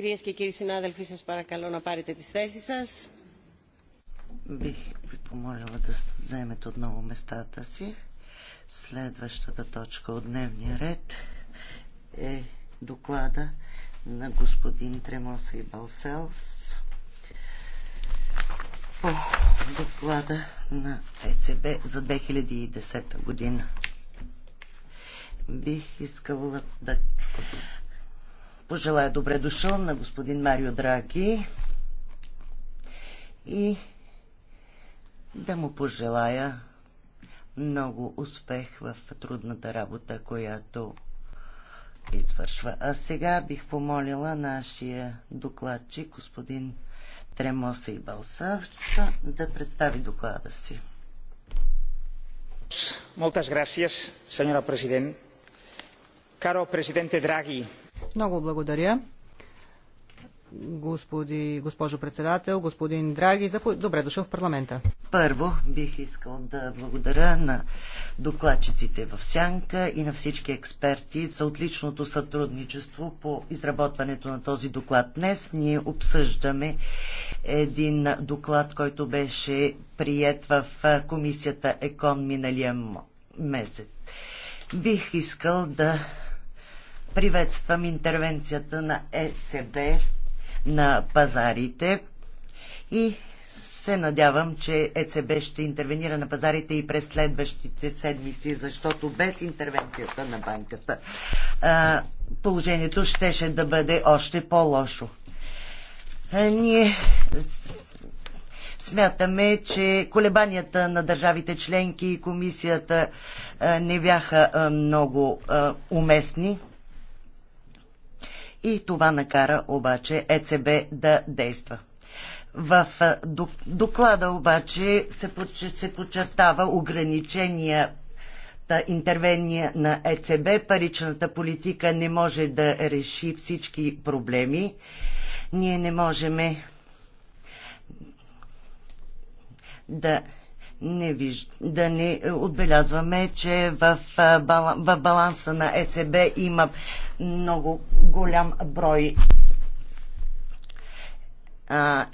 Κυρίες και κύριοι συνάδελφοι, σας παρακαλώ να πάρετε τις θέσεις σας. Бих ви помолила да вземете отново местата си. Следващата точка от дневния ред е доклада на господин Тремоса и Балселс по доклада на ЕЦБ за 2010 година. Бих искала да пожелая добре дошъл на господин Марио Драги и да му пожелая много успех в трудната работа, която извършва. А сега бих помолила нашия докладчик, господин Тремоса и Балсавца, да представи доклада си. Moltes gràcies, senyora president. Caro presidente Draghi, много благодаря. Господи, госпожо председател, господин Драги, за... добре дошъл в парламента. Първо бих искал да благодаря на докладчиците в Сянка и на всички експерти за отличното сътрудничество по изработването на този доклад. Днес ние обсъждаме един доклад, който беше прият в комисията ЕКОН миналия месец. Бих искал да Приветствам интервенцията на ЕЦБ на пазарите и се надявам, че ЕЦБ ще интервенира на пазарите и през следващите седмици, защото без интервенцията на банката положението щеше да бъде още по-лошо. Ние смятаме, че колебанията на държавите членки и комисията не бяха много уместни и това накара обаче ЕЦБ да действа. В доклада обаче се подчертава ограничения интервения на ЕЦБ. Паричната политика не може да реши всички проблеми. Ние не можем да не виж... да не отбелязваме, че в, в баланса на ЕЦБ има много голям брой а,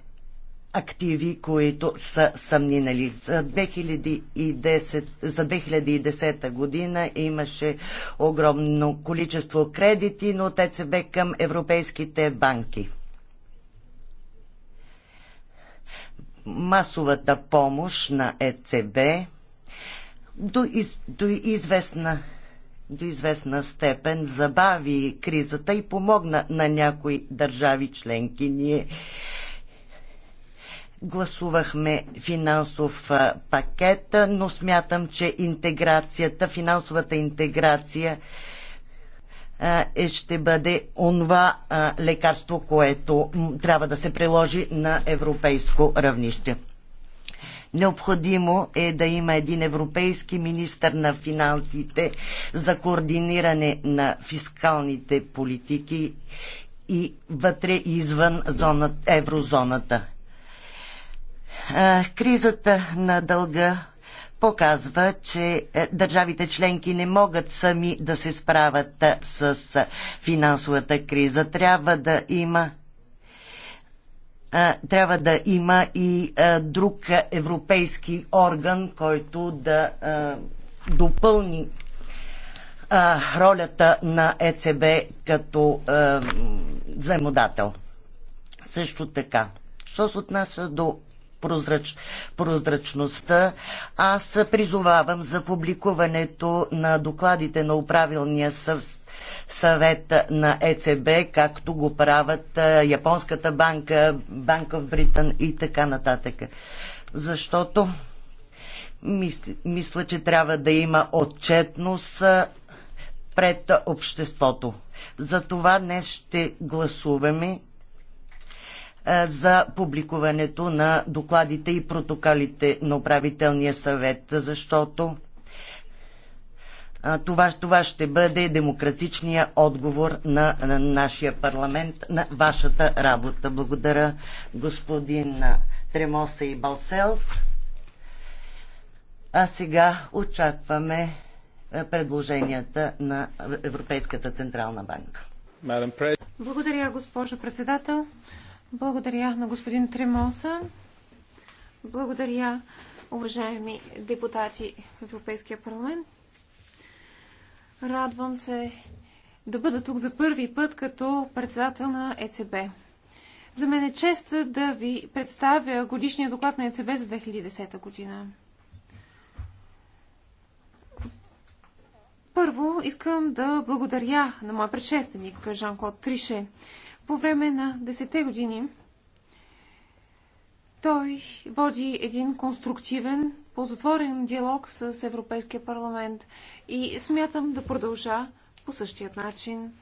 активи, които са съмнинали. За 2010, за 2010 година имаше огромно количество кредити, но ТЦБ е към европейските банки. масовата помощ на ЕЦБ до, из, до, известна, до известна степен забави кризата и помогна на някои държави членки. Ние гласувахме финансов пакет, но смятам, че интеграцията, финансовата интеграция е, е, ще бъде онова е, лекарство, което трябва да се приложи на европейско равнище. Необходимо е да има един европейски министр на финансите за координиране на фискалните политики и вътре и извън зоната, еврозоната. Е, кризата на дълга показва, че е, държавите членки не могат сами да се справят е, с е, финансовата криза. Трябва да има трябва да има и друг европейски орган, който да допълни ролята на ЕЦБ като взаимодател. Също така, що се отнася до прозрач, прозрачността. Аз призовавам за публикуването на докладите на управилния съвет на ЕЦБ, както го правят Японската банка, Банка в Британ и така нататък. Защото мисля, мисля че трябва да има отчетност пред обществото. За това днес ще гласуваме е, за публикуването на докладите и протоколите на управителния съвет, защото е, това, това ще бъде демократичния отговор на, на нашия парламент, на вашата работа. Благодаря господин Тремоса и Балселс. А сега очакваме е, предложенията на Европейската Централна банка. Благодаря, госпожо председател. Благодаря на господин Тремоса. Благодаря, уважаеми депутати в Европейския парламент. Радвам се да бъда тук за първи път като председател на ЕЦБ. За мен е чест да ви представя годишния доклад на ЕЦБ за 2010 година. Първо искам да благодаря на моя предшественик Жан-Клод Трише по време на десете години той води един конструктивен, ползотворен диалог с Европейския парламент и смятам да продължа по същия начин,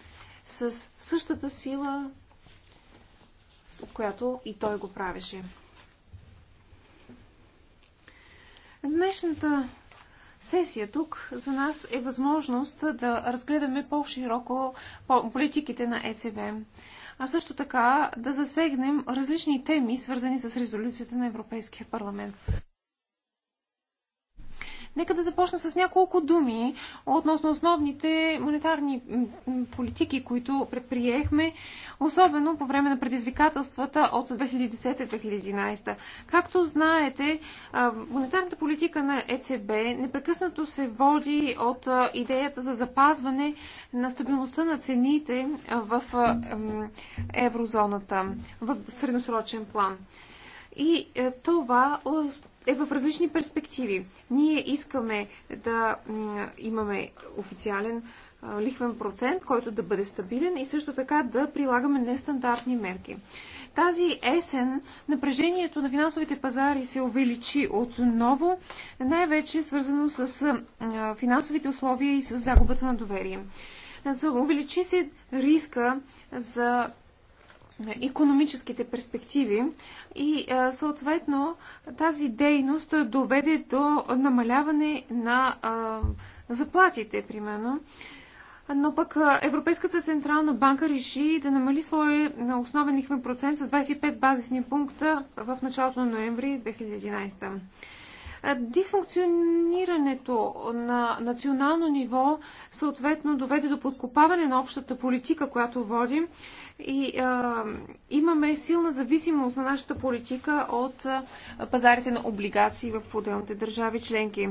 с същата сила, с която и той го правеше. Днешната сесия тук за нас е възможност да разгледаме по-широко политиките на ЕЦБ а също така да засегнем различни теми, свързани с резолюцията на Европейския парламент. Нека да започна с няколко думи относно основните монетарни политики, които предприехме, особено по време на предизвикателствата от 2010-2011. Както знаете, монетарната политика на ЕЦБ непрекъснато се води от идеята за запазване на стабилността на цените в еврозоната в средносрочен план. И е, това е в различни перспективи. Ние искаме да имаме официален е, лихвен процент, който да бъде стабилен и също така да прилагаме нестандартни мерки. Тази есен напрежението на финансовите пазари се увеличи отново, най-вече свързано с е, финансовите условия и с загубата на доверие. Увеличи се риска за економическите перспективи и съответно тази дейност доведе до намаляване на заплатите, примерно. Но пък Европейската централна банка реши да намали своя основен лихвен процент с 25 базисни пункта в началото на ноември 2011. Дисфункционирането на национално ниво съответно доведе до подкопаване на общата политика, която водим и а, имаме силна зависимост на нашата политика от а, пазарите на облигации в отделните държави членки.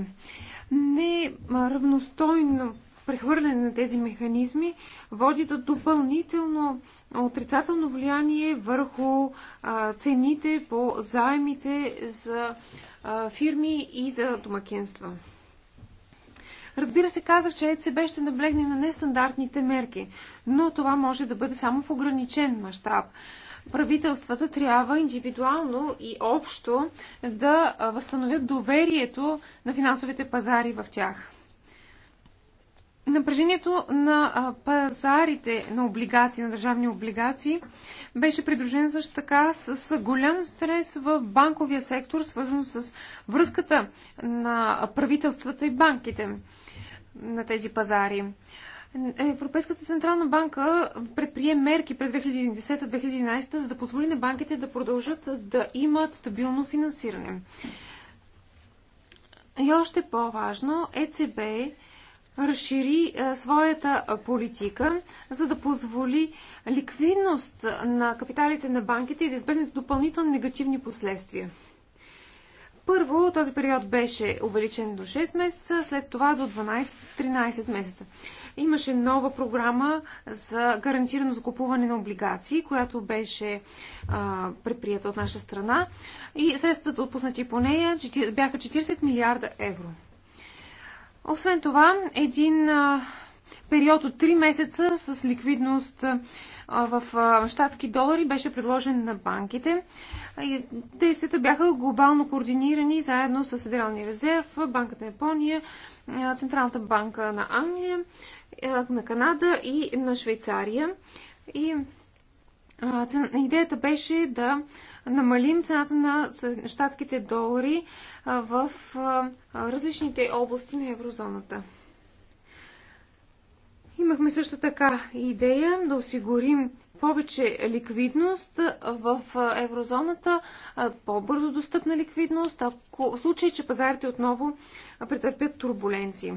Не равностойно прехвърляне на тези механизми води до допълнително отрицателно влияние върху а, цените по заемите за а, фирми и за домакинства. Разбира се, казах, че ЕЦБ ще наблегне на нестандартните мерки, но това може да бъде само в ограничен мащаб. Правителствата трябва индивидуално и общо да възстановят доверието на финансовите пазари в тях. Напрежението на пазарите на облигации, на държавни облигации, беше придружено също така с голям стрес в банковия сектор, свързано с връзката на правителствата и банките на тези пазари. Европейската централна банка предприе мерки през 2010-2011, за да позволи на банките да продължат да имат стабилно финансиране. И още по-важно, ЕЦБ разшири е, своята политика, за да позволи ликвидност на капиталите на банките и да избегнат допълнителни негативни последствия. Първо, този период беше увеличен до 6 месеца, след това до 12-13 месеца. Имаше нова програма за гарантирано закупуване на облигации, която беше предприята от наша страна и средствата отпуснати по нея бяха 40 милиарда евро. Освен това, един а, период от 3 месеца с ликвидност в щатски долари беше предложен на банките. Действията бяха глобално координирани заедно с Федералния резерв, Банката на Япония, Централната банка на Англия, на Канада и на Швейцария. И идеята беше да намалим цената на щатските долари в различните области на еврозоната. Имахме също така идея да осигурим повече ликвидност в еврозоната, по-бързо достъпна ликвидност, ако, в случай, че пазарите отново претърпят турбуленции.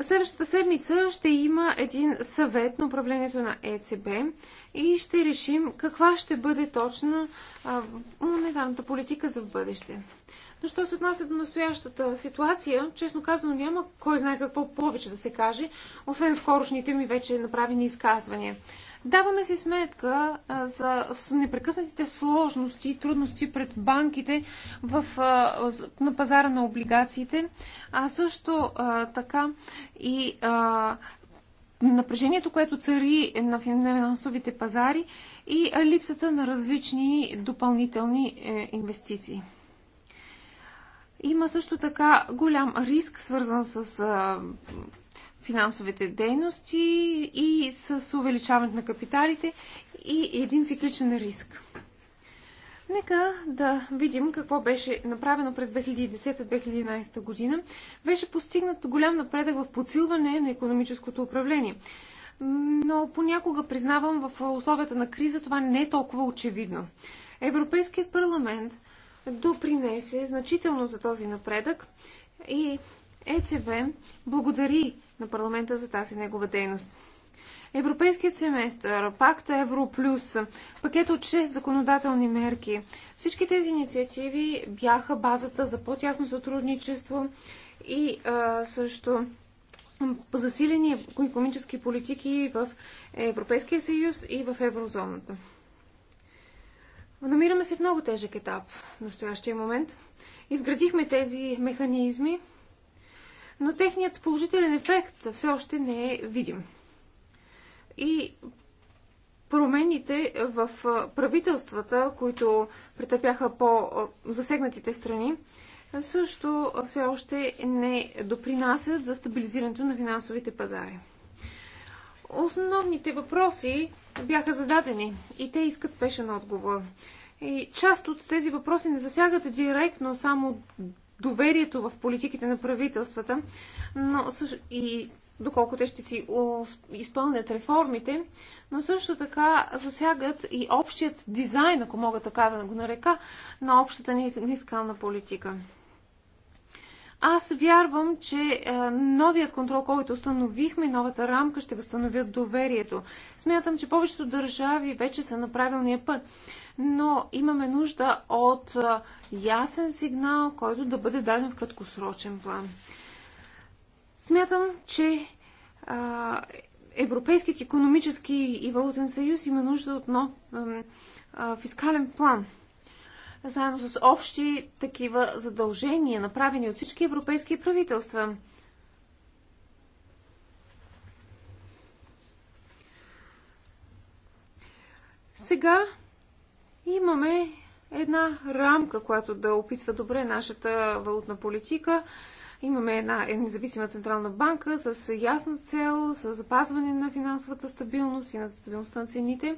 Следващата седмица ще има един съвет на управлението на ЕЦБ и ще решим каква ще бъде точно монетарната политика за бъдеще. Но що се отнася до настоящата ситуация, честно казано няма кой знае какво повече да се каже, освен скорошните ми вече направени изказвания. Даваме си сметка за непрекъснатите сложности и трудности пред банките в, на пазара на облигациите, а също а, така и а, напрежението, което цари на финансовите пазари и липсата на различни допълнителни е, инвестиции. Има също така голям риск, свързан с финансовите дейности и с увеличаването на капиталите и един цикличен риск. Нека да видим какво беше направено през 2010-2011 година. Беше постигнат голям напредък в подсилване на економическото управление. Но понякога, признавам, в условията на криза това не е толкова очевидно. Европейският парламент допринесе значително за този напредък и ЕЦВ благодари на парламента за тази негова дейност. Европейският семестър, пакта Европлюс, пакет от 6 законодателни мерки. Всички тези инициативи бяха базата за по-тясно сътрудничество и а, също засилени економически политики в Европейския съюз и в еврозоната. Намираме се в много тежък етап в настоящия момент. Изградихме тези механизми, но техният положителен ефект все още не е видим. И промените в правителствата, които претърпяха по-засегнатите страни, също все още не допринасят за стабилизирането на финансовите пазари. Основните въпроси бяха зададени и те искат спешен отговор. И част от тези въпроси не засягат директно само доверието в политиките на правителствата, но и доколко те ще си изпълнят реформите, но също така засягат и общият дизайн, ако мога така да го нарека, на общата ни фискална политика. Аз вярвам, че е, новият контрол, който установихме, новата рамка ще възстановят доверието. Смятам, че повечето държави вече са на правилния път, но имаме нужда от е, ясен сигнал, който да бъде даден в краткосрочен план. Смятам, че е, Европейският економически и валутен съюз има нужда от нов фискален план – заедно с общи такива задължения, направени от всички европейски правителства. Сега имаме една рамка, която да описва добре нашата валутна политика. Имаме една е, независима централна банка с ясна цел, с запазване на финансовата стабилност и на стабилността на цените.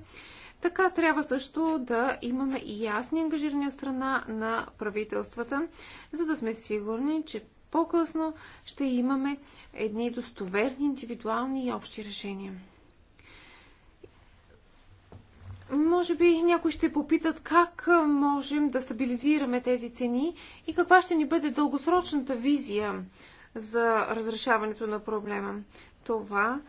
Така трябва също да имаме и ясни ангажирани от страна на правителствата, за да сме сигурни, че по-късно ще имаме едни достоверни, индивидуални и общи решения. Може би някои ще попитат как можем да стабилизираме тези цени и каква ще ни бъде дългосрочната визия за разрешаването на проблема. Това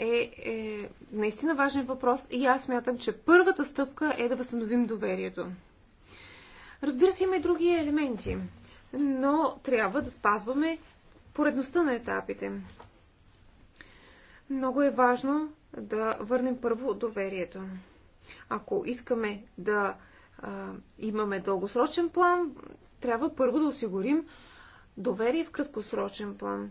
е, е наистина важен въпрос и аз смятам, че първата стъпка е да възстановим доверието. Разбира се, има и други елементи, но трябва да спазваме поредността на етапите. Много е важно да върнем първо доверието. Ако искаме да а, имаме дългосрочен план, трябва първо да осигурим доверие в краткосрочен план.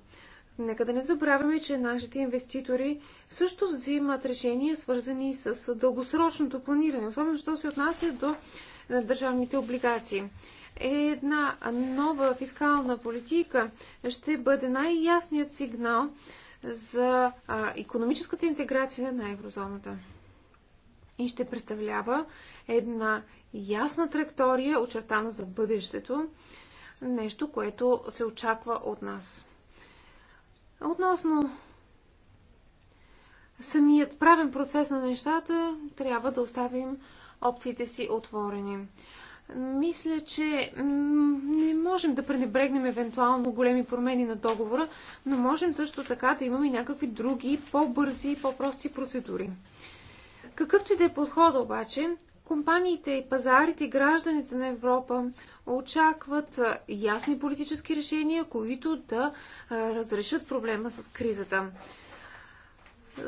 Нека да не забравяме, че нашите инвеститори също взимат решения, свързани с дългосрочното планиране, особено що се отнася до е, държавните облигации. Една нова фискална политика ще бъде най-ясният сигнал за економическата интеграция на еврозоната. И ще представлява една ясна траектория, очертана за бъдещето, нещо, което се очаква от нас. Относно самият правен процес на нещата, трябва да оставим опциите си отворени. Мисля, че не можем да пренебрегнем евентуално големи промени на договора, но можем също така да имаме и някакви други по-бързи и по-прости процедури. Какъвто и да е подхода обаче, Компаниите и пазарите, гражданите на Европа очакват ясни политически решения, които да разрешат проблема с кризата.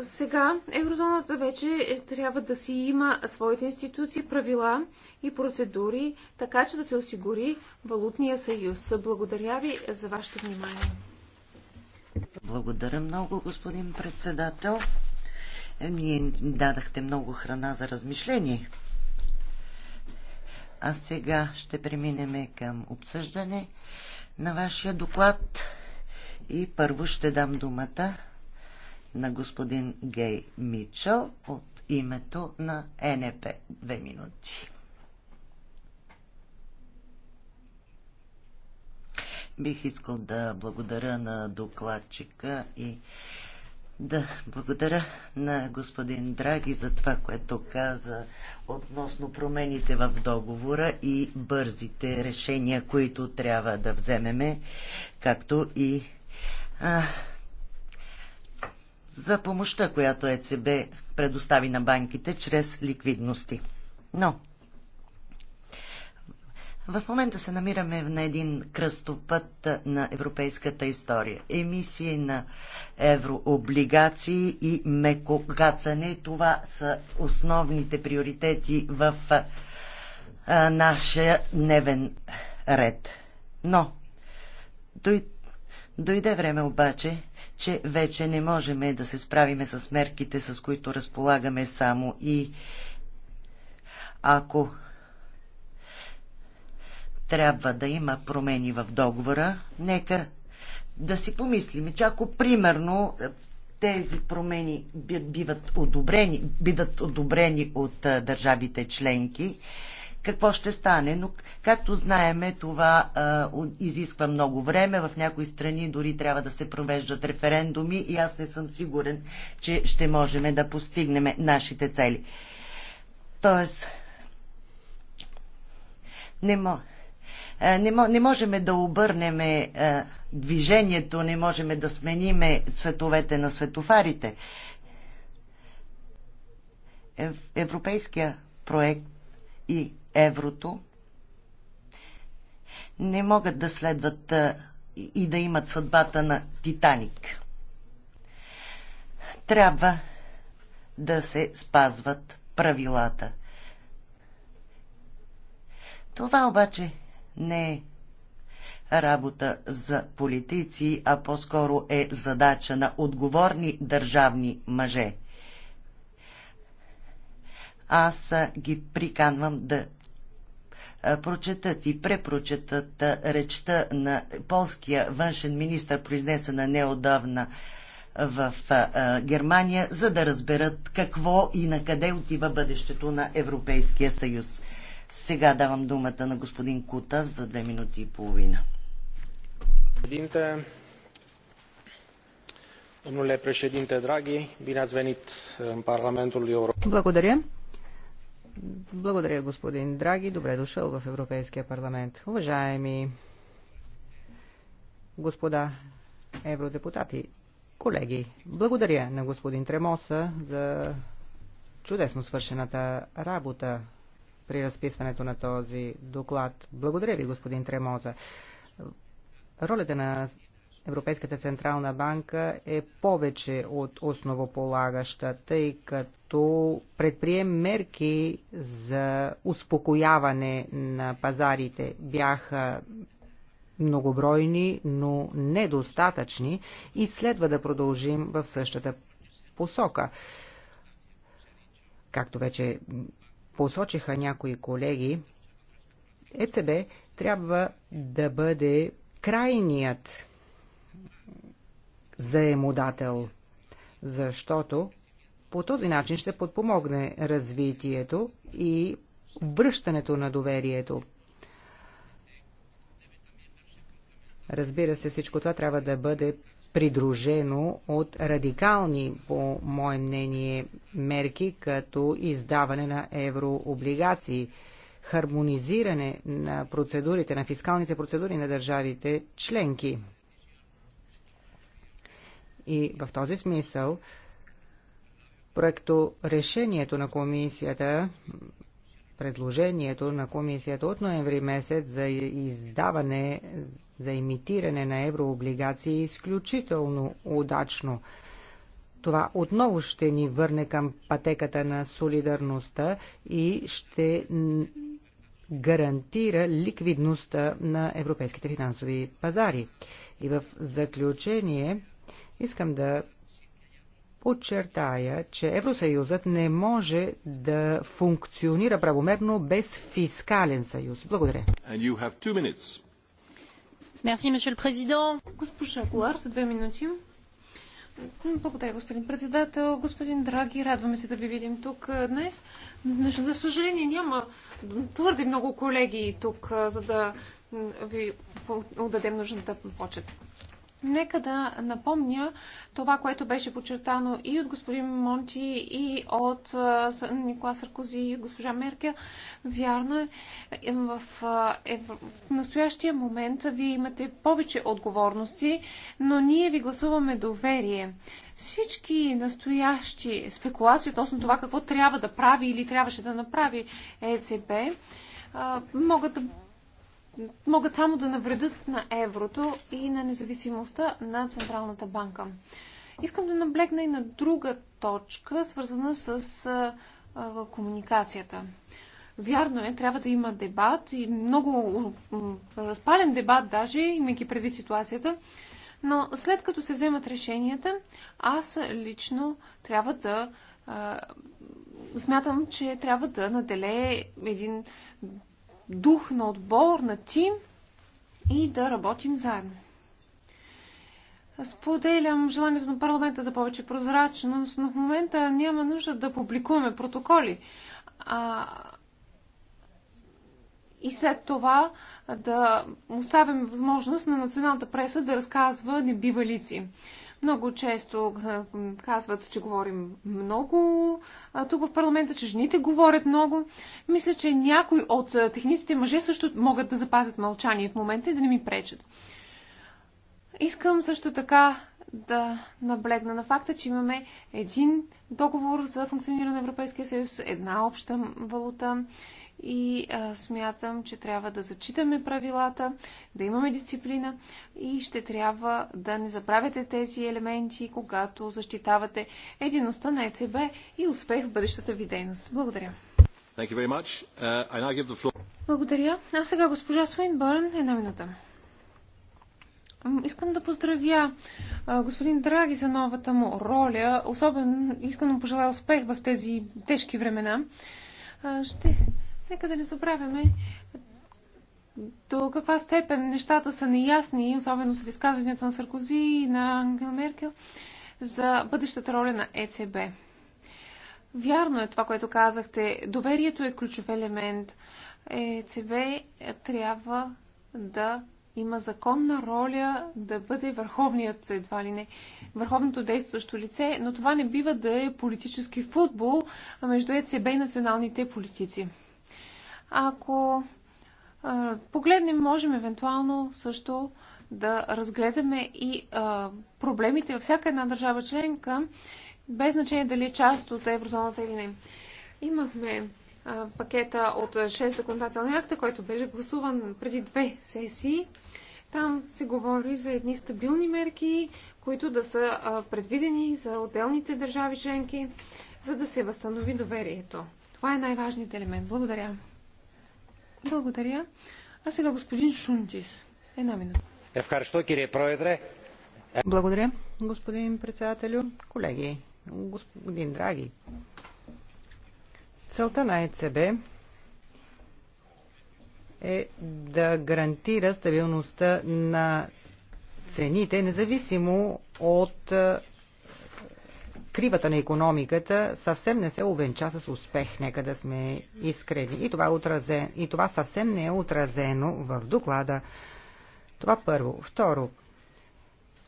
Сега еврозоната вече е, трябва да си има своите институции, правила и процедури, така че да се осигури валутния съюз. Благодаря ви за вашето внимание. Благодаря много, господин председател. Е, Ние дадахте много храна за размишление. А сега ще преминем към обсъждане на вашия доклад и първо ще дам думата на господин Гей Мичел от името на НП. Е. Две минути. Бих искал да благодаря на докладчика и да, благодаря на господин Драги за това, което каза относно промените в договора и бързите решения, които трябва да вземеме, както и а, за помощта, която ЕЦБ предостави на банките чрез ликвидности. Но в момента се намираме на един кръстопът на европейската история. Емисии на еврооблигации и меко Това са основните приоритети в нашия дневен ред. Но дойде време обаче, че вече не можем да се справиме с мерките, с които разполагаме само и ако трябва да има промени в договора, нека да си помислим, че ако примерно е, тези промени биват одобрени, бидат одобрени от е, държавите членки, какво ще стане. Но, както знаеме, това а, е, изисква много време. В някои страни дори трябва да се провеждат референдуми и аз не съм сигурен, че ще можем да постигнем нашите цели. Тоест, не може. Е, не, можем да обърнем е, движението, не можем да смениме цветовете на светофарите. Европейския проект и еврото не могат да следват е, и да имат съдбата на Титаник. Трябва да се спазват правилата. Това обаче не е работа за политици, а по-скоро е задача на отговорни държавни мъже. Аз ги приканвам да прочетат и препрочетат речта на полския външен министр, произнесена неодавна в Германия, за да разберат какво и на къде отива бъдещето на Европейския съюз. Сега давам думата на господин Кута за две минути и половина. Președinte, domnule președinte Draghi, bine ați venit în Parlamentul European. Благодаря. Благодаря, господин Драги. Добре дошъл в Европейския парламент. Уважаеми господа евродепутати, колеги, благодаря на господин Тремоса за чудесно свършената работа при разписването на този доклад. Благодаря ви, господин Тремоза. Ролята на Европейската централна банка е повече от основополагаща, тъй като предприем мерки за успокояване на пазарите бяха многобройни, но недостатъчни и следва да продължим в същата посока. Както вече посочиха някои колеги, ЕЦБ трябва да бъде крайният заемодател, защото по този начин ще подпомогне развитието и връщането на доверието. Разбира се, всичко това трябва да бъде придружено от радикални, по мое мнение, мерки, като издаване на еврооблигации, хармонизиране на процедурите, на фискалните процедури на държавите членки. И в този смисъл, проекто решението на комисията предложението на комисията от ноември месец за издаване за имитиране на еврооблигации е изключително удачно. Това отново ще ни върне към пътеката на солидарността и ще гарантира ликвидността на европейските финансови пазари. И в заключение искам да подчертая, че Евросъюзът не може да функционира правомерно без фискален съюз. Благодаря. Мерси, месье Госпожа Гуар, за две минути. Благодаря, господин председател. Господин Драги, радваме се да ви видим тук днес. За съжаление няма твърде много колеги тук, за да ви отдадем нужната почет. Нека да напомня това, което беше подчертано и от господин Монти, и от Никола Саркози, и госпожа Меркел. Вярно е, в, евро... в настоящия момент вие имате повече отговорности, но ние ви гласуваме доверие. Всички настоящи спекулации относно това какво трябва да прави или трябваше да направи ЕЦБ, могат да могат само да навредят на еврото и на независимостта на Централната банка. Искам да наблегна и на друга точка, свързана с а, а, комуникацията. Вярно е, трябва да има дебат и много разпален дебат даже, имайки предвид ситуацията, но след като се вземат решенията, аз лично трябва да а, смятам, че трябва да наделее един дух на отбор, на тим и да работим заедно. Споделям желанието на парламента за повече прозрачност, но в момента няма нужда да публикуваме протоколи. А... И след това да оставим възможност на националната преса да разказва небивалици. лици. Много често казват, че говорим много. Тук в парламента, че жените говорят много. Мисля, че някои от техниците мъже също могат да запазят мълчание в момента и да не ми пречат. Искам също така да наблегна на факта, че имаме един договор за функциониране на Европейския съюз, една обща валута, и а, смятам, че трябва да зачитаме правилата, да имаме дисциплина и ще трябва да не забравяте тези елементи, когато защитавате едиността на ЕЦБ и успех в бъдещата ви дейност. Благодаря. Uh, Благодаря. А сега госпожа Суинбърн, една минута. Искам да поздравя господин Драги за новата му роля. Особено искам да пожелая успех в тези тежки времена. Ще Нека да не забравяме до каква степен нещата са неясни, особено с изказванията на Саркози и на Ангел Меркел, за бъдещата роля на ЕЦБ. Вярно е това, което казахте. Доверието е ключов елемент. ЕЦБ трябва да има законна роля да бъде върховният, едва ли не, върховното действащо лице, но това не бива да е политически футбол между ЕЦБ и националните политици. Ако а, погледнем, можем евентуално също да разгледаме и а, проблемите във всяка една държава членка, без значение дали е част от еврозоната или не. Имахме а, пакета от 6 законодателни акта, който беше гласуван преди две сесии. Там се говори за едни стабилни мерки, които да са а, предвидени за отделните държави членки, за да се възстанови доверието. Това е най-важният елемент. Благодаря. Благодаря. А сега господин Шунтис. Една минута. Благодаря, господин председателю. Колеги, господин Драги, целта на ЕЦБ е да гарантира стабилността на цените, независимо от кривата на економиката съвсем не се увенча с успех, нека да сме искрени. И това, е отразен, и това съвсем не е отразено в доклада. Това първо. Второ,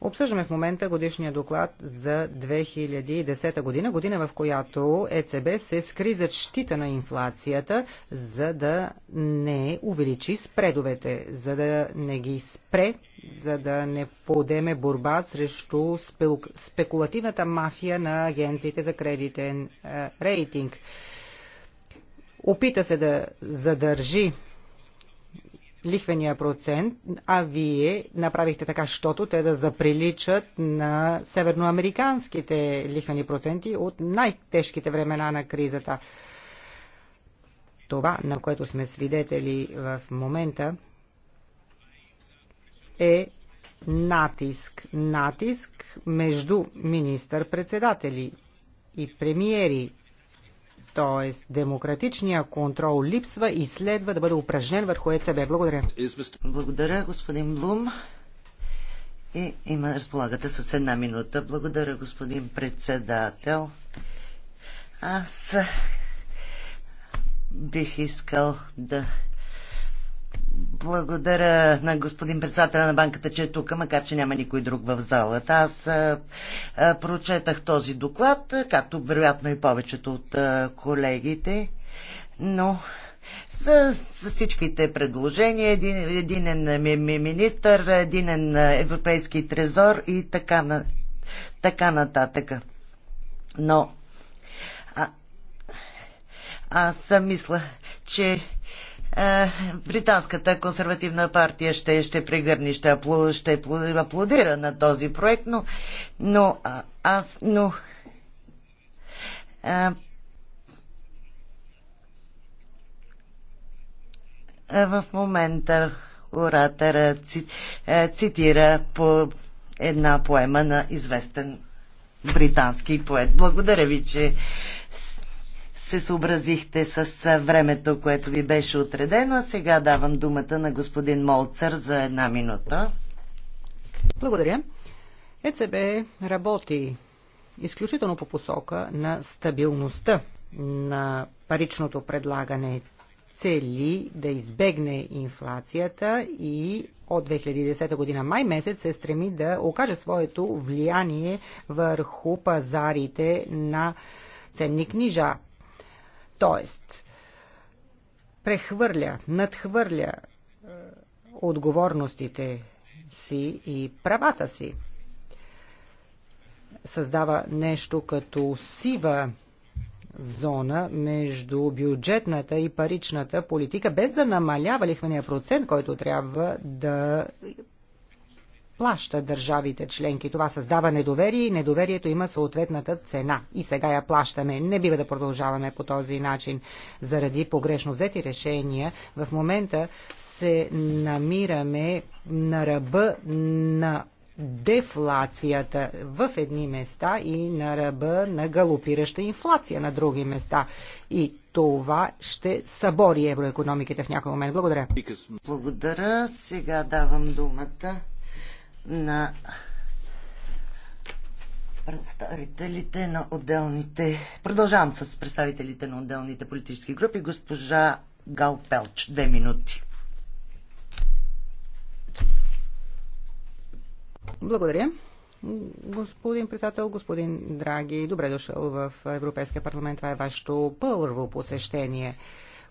Обсъждаме в момента годишния доклад за 2010 година, година в която ЕЦБ се скри за щита на инфлацията, за да не увеличи спредовете, за да не ги спре, за да не подеме борба срещу спекулативната мафия на агенциите за кредитен рейтинг. Опита се да задържи лихвения процент, а вие направихте така, щото те да заприличат на северноамериканските лихвени проценти от най-тежките времена на кризата. Това, на което сме свидетели в момента, е натиск. Натиск между министър-председатели и премиери т.е. демократичния контрол липсва и следва да бъде упражнен върху ЕЦБ. Благодаря. Благодаря, господин Блум. И има, разполагате с една минута. Благодаря, господин председател. Аз бих искал да благодаря на господин председателя на банката, че е тук, макар че няма никой друг в залата. Аз а, а, прочетах този доклад, както вероятно и повечето от а, колегите, но с, с всичките предложения, един, единен министър, единен европейски трезор и така, на, така нататък. Но а, аз мисля, че е, британската консервативна партия ще, ще прегърне, ще, аплу, ще аплодира на този проект, но, но аз, но... А, в момента оратора е, цитира по една поема на известен британски поет. Благодаря ви, че се съобразихте с времето, което ви беше отредено. А сега давам думата на господин Молцър за една минута. Благодаря. ЕЦБ работи изключително по посока на стабилността на паричното предлагане цели да избегне инфлацията и от 2010 година май месец се стреми да окаже своето влияние върху пазарите на ценни книжа. Тоест, прехвърля, надхвърля е, отговорностите си и правата си. Създава нещо като сива зона между бюджетната и паричната политика, без да намалява лихвения процент, който трябва да плаща държавите членки. Това създава недоверие и недоверието има съответната цена. И сега я плащаме. Не бива да продължаваме по този начин. Заради погрешно взети решения, в момента се намираме на ръба на дефлацията в едни места и на ръба на галопираща инфлация на други места. И това ще събори евроекономиките в някой момент. Благодаря. Благодаря. Сега давам думата на представителите на отделните... Продължавам с представителите на отделните политически групи. Госпожа Гал Пелч, две минути. Благодаря. Господин председател, господин Драги, добре дошъл в Европейския парламент. Това е вашето първо посещение.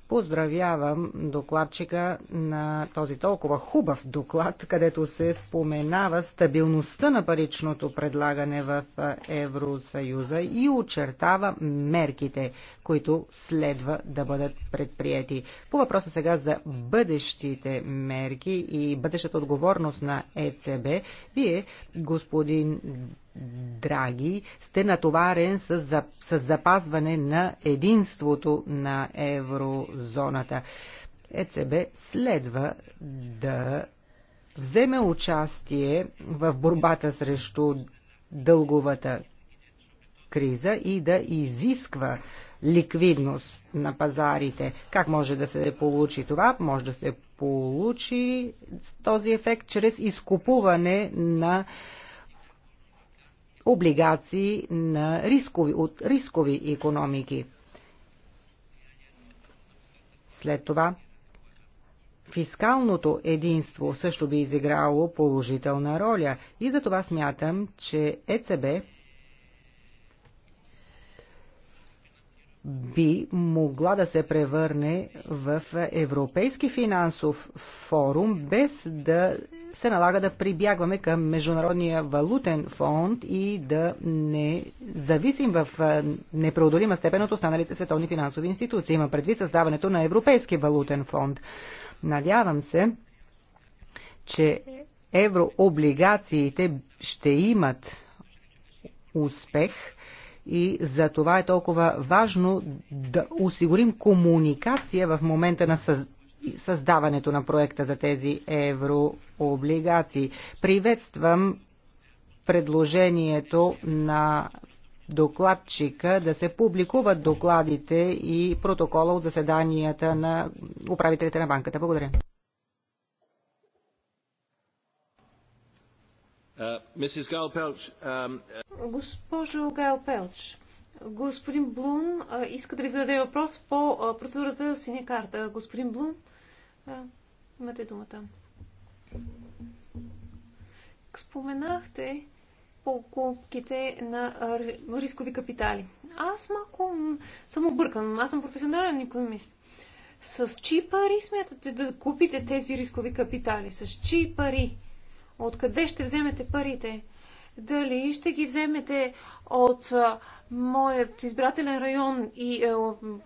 Поздравявам докладчика на този толкова хубав доклад, където се споменава стабилността на паричното предлагане в Евросъюза и очертава мерките, които следва да бъдат предприяти. По въпроса сега за бъдещите мерки и бъдещата отговорност на ЕЦБ, вие, господин Драги, сте натоварен с, за, с запазване на единството на еврозоната. ЕЦБ следва да вземе участие в борбата срещу дълговата криза и да изисква ликвидност на пазарите. Как може да се получи това? Може да се получи този ефект чрез изкупуване на облигации на рискови, от рискови економики. След това фискалното единство също би изиграло положителна роля и за това смятам, че ЕЦБ би могла да се превърне в европейски финансов форум, без да се налага да прибягваме към Международния валутен фонд и да не зависим в непреодолима степен от останалите световни финансови институции. Има предвид създаването на Европейски валутен фонд. Надявам се, че еврооблигациите ще имат успех – и за това е толкова важно да осигурим комуникация в момента на създаването на проекта за тези еврооблигации. Приветствам предложението на докладчика да се публикуват докладите и протокола от заседанията на управителите на банката. Благодаря. Uh, um, Госпожо Гайл Госпожо Галпелч, господин Блум uh, иска да ви зададе въпрос по uh, процедурата синя карта. Господин Блум, имате думата. Споменахте покупките на рискови капитали. Аз малко съм объркан. Аз съм професионален економист. С чи пари смятате да купите тези рискови капитали? С чи пари? Откъде ще вземете парите? Дали ще ги вземете от моят избирателен район и е,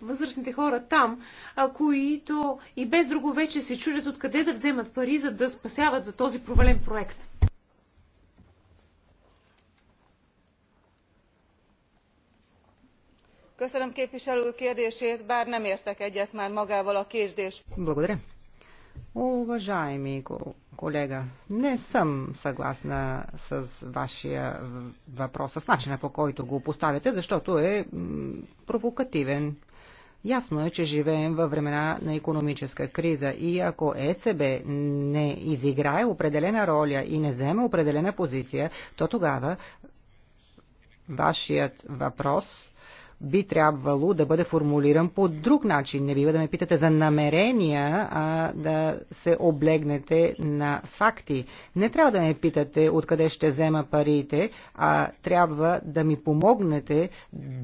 възрастните хора там, а, които и без друго вече се чудят откъде да вземат пари, за да спасяват този провален проект. Благодаря. Уважаеми колега, не съм съгласна с вашия въпрос, с начина по който го поставяте, защото е провокативен. Ясно е, че живеем във времена на економическа криза и ако ЕЦБ не изиграе определена роля и не вземе определена позиция, то тогава вашият въпрос би трябвало да бъде формулиран по друг начин. Не бива да ме питате за намерения, а да се облегнете на факти. Не трябва да ме питате откъде ще взема парите, а трябва да ми помогнете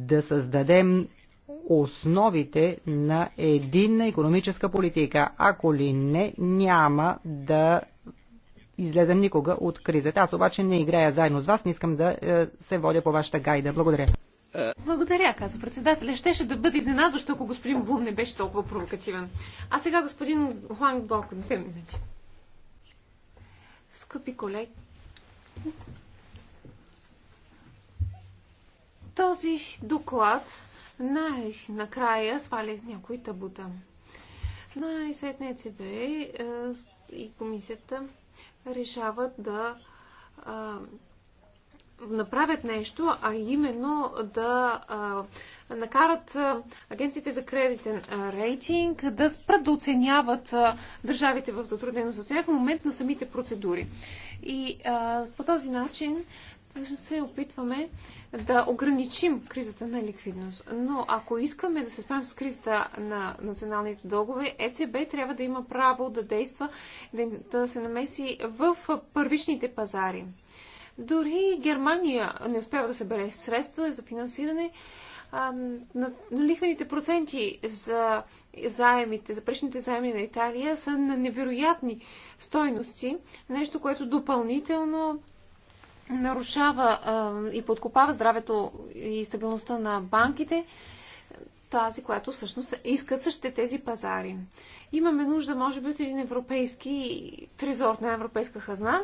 да създадем основите на единна економическа политика. Ако ли не, няма да излезем никога от кризата. Аз обаче не играя заедно с вас, не искам да е, се водя по вашата гайда. Благодаря. Благодаря, казва председателя. Щеше да бъде изненадващо, ако господин Блум не беше толкова провокативен. А сега господин Хуан Блок, две минути. Скъпи колеги, този доклад най-накрая сваля някои табута. Най-сетне ЕЦБ е, и комисията решават да направят нещо, а именно да а, накарат агенциите за кредитен рейтинг да спрат да оценяват държавите в затруднено състояние в момент на самите процедури. И а, по този начин се опитваме да ограничим кризата на ликвидност. Но ако искаме да се справим с кризата на националните дългове, ЕЦБ трябва да има право да действа, да, да се намеси в първичните пазари. Дори Германия не успява да събере средства за финансиране. На лихвените проценти за заемите, за причните заеми на Италия са на невероятни стойности. Нещо, което допълнително нарушава и подкопава здравето и стабилността на банките тази, която всъщност искат същите тези пазари. Имаме нужда, може би, от един европейски трезор на европейска хазна,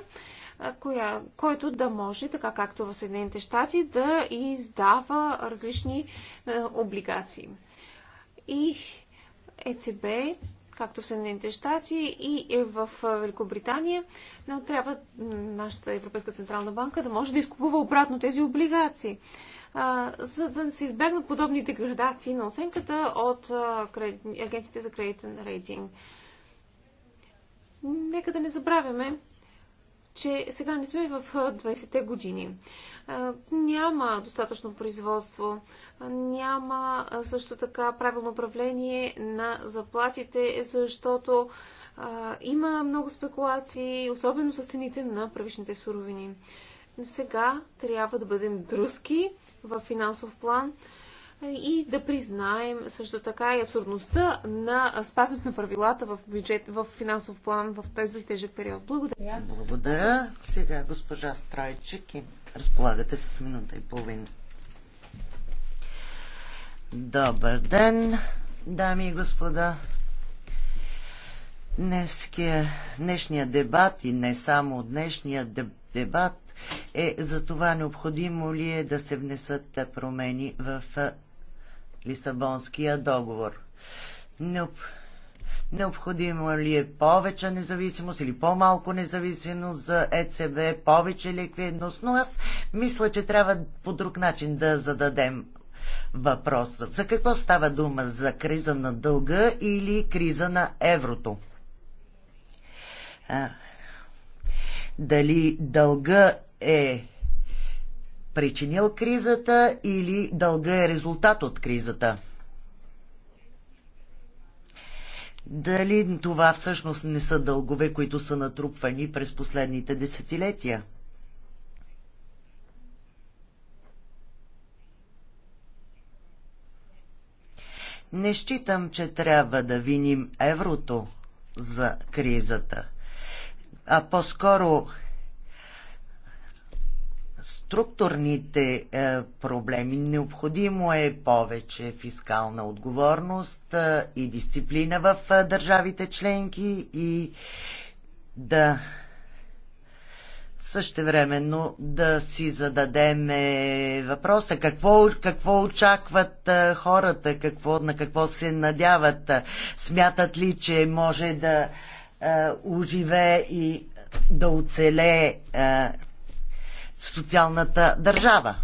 коя, който да може, така както в Съединените щати, да издава различни е, облигации. И ЕЦБ, както в Съединените щати и е в е, Великобритания, но трябва нашата Европейска централна банка да може да изкупува обратно тези облигации за да се избегнат подобни деградации на оценката от агенците за кредитен рейтинг. Нека да не забравяме, че сега не сме в 20-те години. Няма достатъчно производство, няма също така правилно управление на заплатите, защото има много спекулации, особено с цените на правичните суровини. Сега трябва да бъдем друзки в финансов план, и да признаем също така и абсурдността на спазването на правилата в бюджет, в финансов план в този тежък период. Благодаря. Благодаря. Сега госпожа Страйчик и разполагате с минута и половина. Добър ден, дами и господа. Днеския, днешния дебат и не само днешния дебат е за това необходимо ли е да се внесат промени в Лисабонския договор. Необ... Необходимо ли е повече независимост или по-малко независимост за ЕЦБ, повече ликвидност, но аз мисля, че трябва по друг начин да зададем въпроса. За какво става дума? За криза на дълга или криза на еврото? А, дали дълга е причинил кризата или дълга е резултат от кризата. Дали това всъщност не са дългове, които са натрупвани през последните десетилетия? Не считам, че трябва да виним еврото за кризата, а по-скоро структурните е, проблеми. Необходимо е повече фискална отговорност е, и дисциплина в е, държавите членки и да същевременно да си зададем въпроса какво, какво очакват хората, какво, на какво се надяват, смятат ли, че може да е, оживе и да оцелее социалната държава.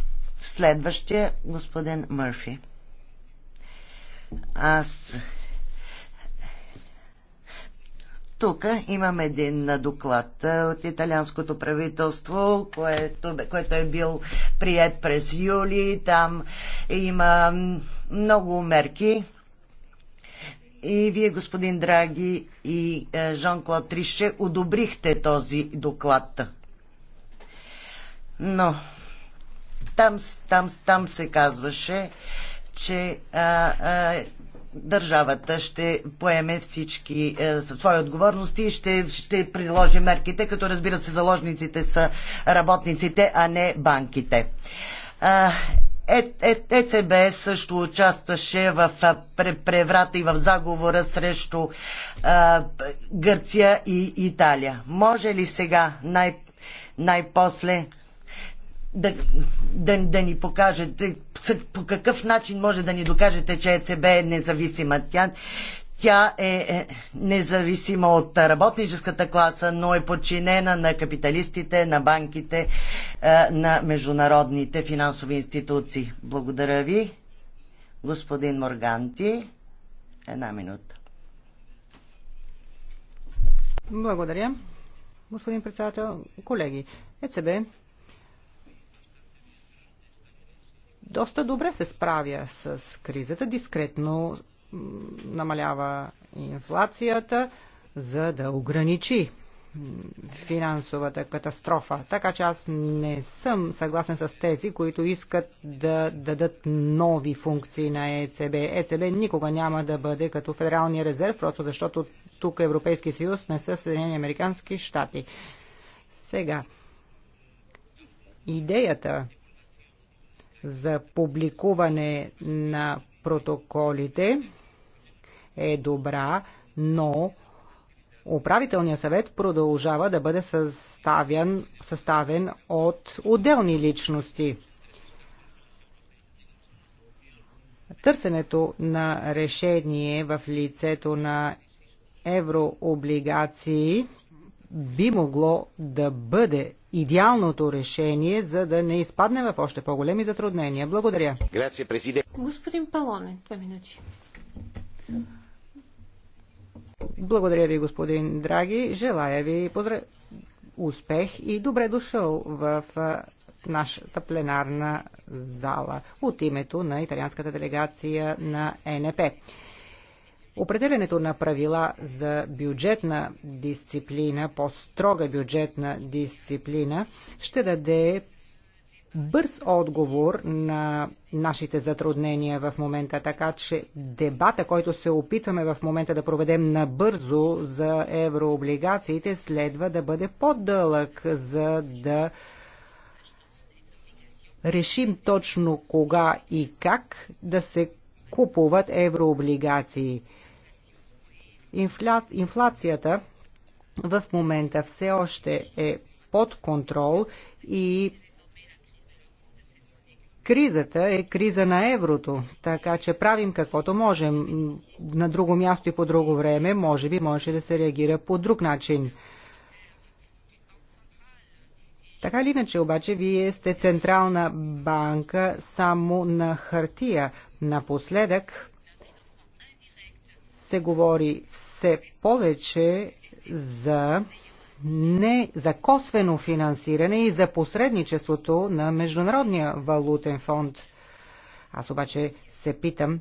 Следващия е господин Мърфи. Аз тук имам един доклад от италианското правителство, което, което е бил прият през юли. Там има много мерки. И вие, господин Драги и е, Жан-Клод Трише, одобрихте този доклад. Но там, там, там се казваше, че а, а, държавата ще поеме всички а, е, свои отговорности и ще, ще приложи мерките, като разбира се заложниците са работниците, а не банките. Е, е, ЕЦБ също участваше в преврата и в заговора срещу а, Гърция и Италия. Може ли сега най- най-после да, да, да ни покажете по какъв начин може да ни докажете, че ЕЦБ е независима. Тя, тя е, е независима от работническата класа, но е подчинена на капиталистите, на банките, е, на международните финансови институции. Благодаря ви, господин Морганти. Една минута. Благодаря. Господин председател, колеги, ЕЦБ доста добре се справя с кризата, дискретно намалява инфлацията, за да ограничи финансовата катастрофа. Така че аз не съм съгласен с тези, които искат да дадат нови функции на ЕЦБ. ЕЦБ никога няма да бъде като Федералния резерв, просто защото тук Европейски съюз не са Съединени Американски щати. Сега, идеята за публикуване на протоколите е добра, но управителният съвет продължава да бъде съставен, съставен от отделни личности. Търсенето на решение в лицето на еврооблигации би могло да бъде идеалното решение, за да не изпадне в още по-големи затруднения. Благодаря. Господин Палоне, две минути. Благодаря ви, господин Драги. Желая ви подра... успех и добре дошъл в нашата пленарна зала от името на италианската делегация на НП. Определенето на правила за бюджетна дисциплина, по-строга бюджетна дисциплина, ще даде бърз отговор на нашите затруднения в момента, така че дебата, който се опитваме в момента да проведем набързо за еврооблигациите, следва да бъде по-дълъг, за да решим точно кога и как да се купуват еврооблигации. Инфля... Инфлацията в момента все още е под контрол и Кризата е криза на еврото, така че правим каквото можем. На друго място и по друго време, може би, може да се реагира по друг начин. Така или иначе, обаче, вие сте централна банка само на хартия. Напоследък се говори все повече за не за косвено финансиране и за посредничеството на Международния валутен фонд. Аз обаче се питам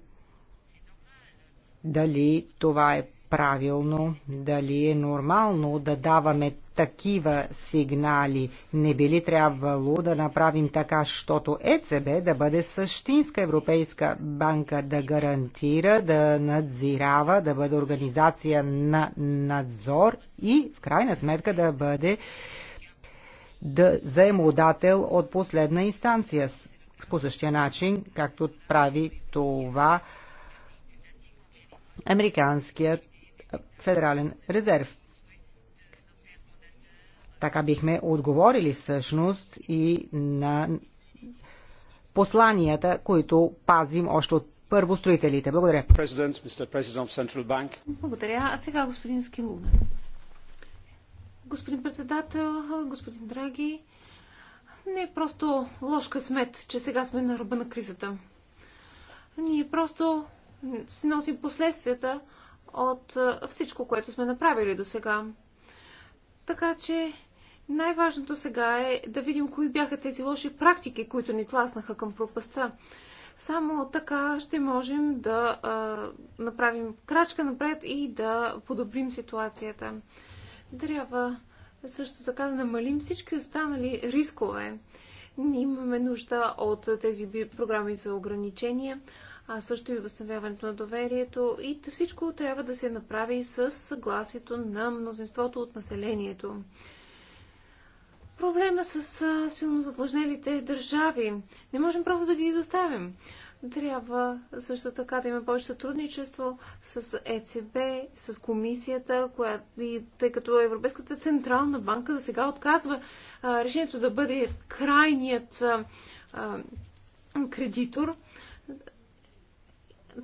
дали това е правилно, дали е нормално да даваме такива сигнали. Не би ли трябвало да направим така, щото ЕЦБ да бъде същинска европейска банка, да гарантира, да надзирава, да бъде организация на надзор и в крайна сметка да бъде да заемодател от последна инстанция по същия начин, както прави това американският Федерален резерв. Така бихме отговорили всъщност и на посланията, които пазим още от първо строителите. Благодаря. President, President Благодаря. А сега господин Скилуна. Господин председател, господин Драги, не е просто лош късмет, че сега сме на ръба на кризата. Ние просто си носим последствията от всичко, което сме направили до сега. Така че най-важното сега е да видим кои бяха тези лоши практики, които ни тласнаха към пропаста. Само така ще можем да а, направим крачка напред и да подобрим ситуацията. Трябва също така да намалим всички останали рискове. Ние имаме нужда от тези програми за ограничения, а също и възстановяването на доверието. И всичко трябва да се направи с съгласието на мнозинството от населението. Проблема с силно задлъжнелите държави. Не можем просто да ги изоставим. Трябва също така да има повече сътрудничество с ЕЦБ, с комисията, която, и, тъй като Европейската централна банка за сега отказва решението да бъде крайният кредитор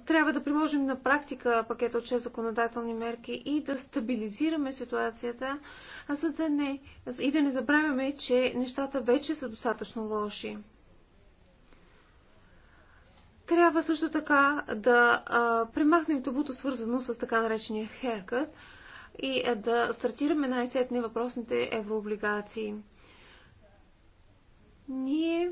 трябва да приложим на практика пакет от 6 законодателни мерки и да стабилизираме ситуацията, а за да не, и да не забравяме, че нещата вече са достатъчно лоши. Трябва също така да а, премахнем табуто, свързано с така наречения херкът и а, да стартираме най-сетне въпросните еврооблигации. Ние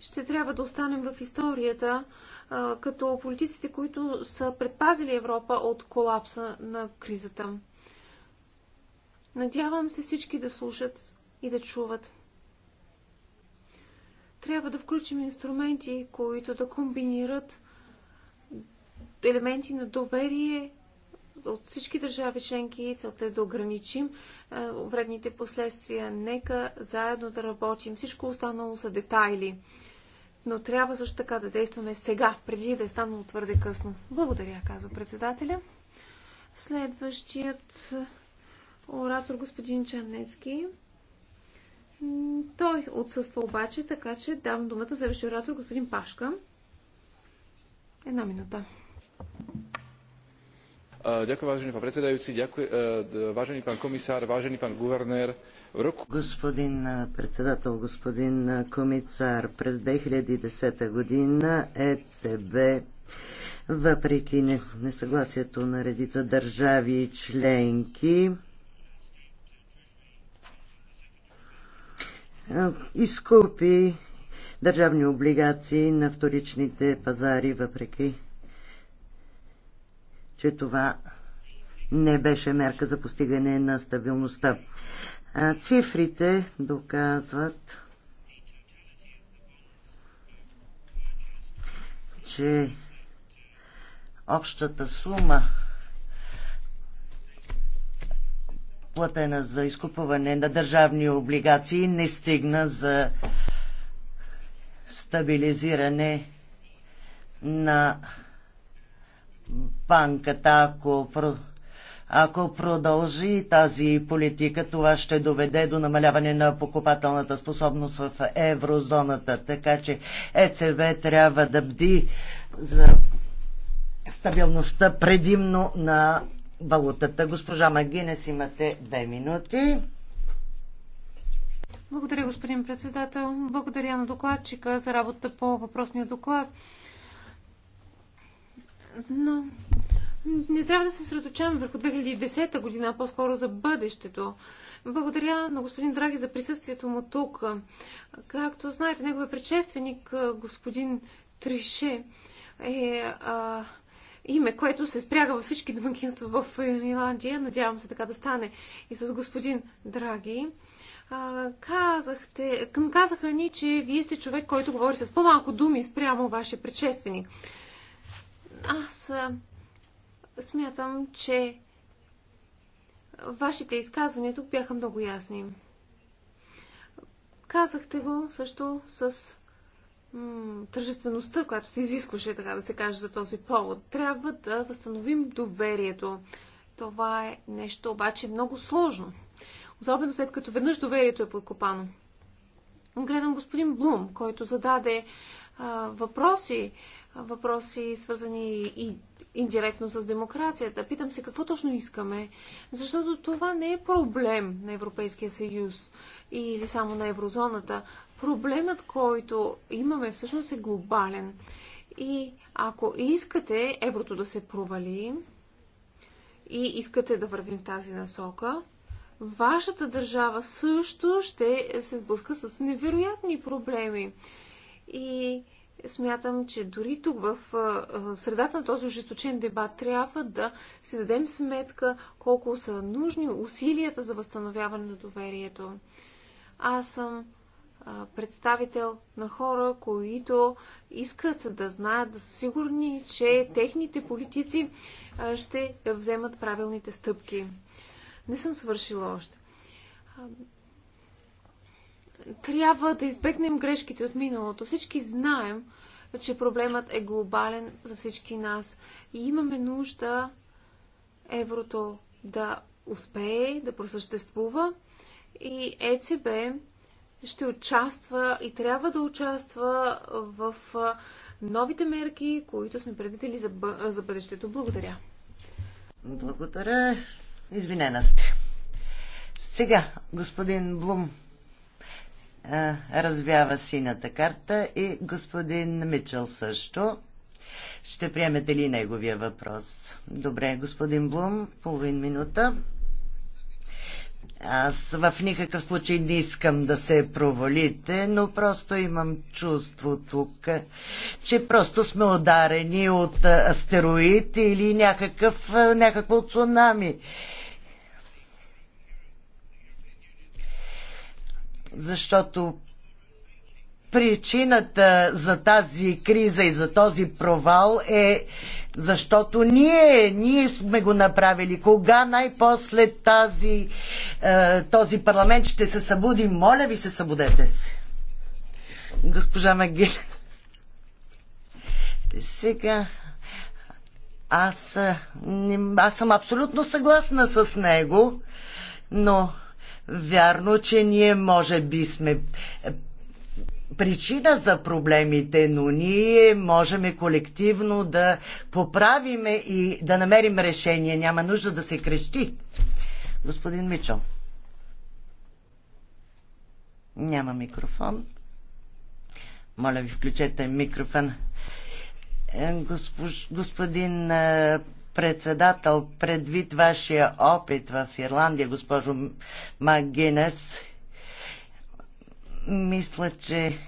ще трябва да останем в историята а, като политиците, които са предпазили Европа от колапса на кризата. Надявам се всички да слушат и да чуват. Трябва да включим инструменти, които да комбинират елементи на доверие от всички държави членки. Целта е да ограничим вредните последствия. Нека заедно да работим. Всичко останало са детайли но трябва също така да действаме сега, преди да е станало твърде късно. Благодаря, казва председателя. Следващият оратор, господин Чернецки. Той отсъства обаче, така че давам думата за следващия оратор, господин Пашка. Една минута. Ďakujem, vážený pán predsedajúci, ďakujem, vážený pán komisár, vážený pán guvernér. Господин председател, господин комицар, през 2010 година ЕЦБ въпреки несъгласието на редица държави и членки, изкупи държавни облигации на вторичните пазари, въпреки че това не беше мерка за постигане на стабилността. Цифрите доказват, че общата сума платена за изкупуване на държавни облигации не стигна за стабилизиране на банката, ако ако продължи тази политика, това ще доведе до намаляване на покупателната способност в еврозоната. Така че ЕЦБ трябва да бди за стабилността предимно на валутата. Госпожа Магинес, имате две минути. Благодаря, господин председател. Благодаря на докладчика за работа по въпросния доклад. Но не трябва да се средочаваме върху 2010 година, а по-скоро за бъдещето. Благодаря на господин Драги за присъствието му тук. Както знаете, неговият предшественик, господин Трише, е а, име, което се спряга във всички домакинства в Ирландия. Надявам се така да стане и с господин Драги. А, казахте, казаха ни, че вие сте човек, който говори с по-малко думи спрямо вашия предшественик. Аз смятам, че вашите изказвания тук бяха много ясни. Казахте го също с тържествеността, която се изискваше, така да се каже, за този повод. Трябва да възстановим доверието. Това е нещо обаче много сложно. Особено след като веднъж доверието е подкопано. Гледам господин Блум, който зададе а, въпроси въпроси, свързани и индиректно с демокрацията. Питам се какво точно искаме, защото това не е проблем на Европейския съюз или само на еврозоната. Проблемът, който имаме всъщност е глобален. И ако искате еврото да се провали и искате да вървим в тази насока, вашата държава също ще се сблъска с невероятни проблеми. И смятам, че дори тук в средата на този ожесточен дебат трябва да си дадем сметка колко са нужни усилията за възстановяване на доверието. Аз съм представител на хора, които искат да знаят, да са сигурни, че техните политици ще вземат правилните стъпки. Не съм свършила още трябва да избегнем грешките от миналото. Всички знаем, че проблемът е глобален за всички нас и имаме нужда еврото да успее да просъществува и ЕЦБ ще участва и трябва да участва в новите мерки, които сме предвидели за, бъ... за бъдещето. Благодаря. Благодаря. Извинена сте. Сега, господин Блум развява синята карта и господин Мичел също. Ще приемете ли неговия въпрос? Добре, господин Блум, половин минута. Аз в никакъв случай не искам да се провалите, но просто имам чувство тук, че просто сме ударени от астероид или някакъв, някакво цунами. защото причината за тази криза и за този провал е защото ние, ние сме го направили. Кога най-после тази, е, този парламент ще се събуди? Моля ви се, събудете се. Госпожа Магилес. Сега аз, е, аз съм абсолютно съгласна с него, но Вярно, че ние може би сме е, причина за проблемите, но ние можем колективно да поправиме и да намерим решение. Няма нужда да се крещи. Господин Мичо. Няма микрофон. Моля ви, включете микрофон. Е, госпож, господин е, председател, предвид вашия опит в Ирландия, госпожо Магинес, мисля, че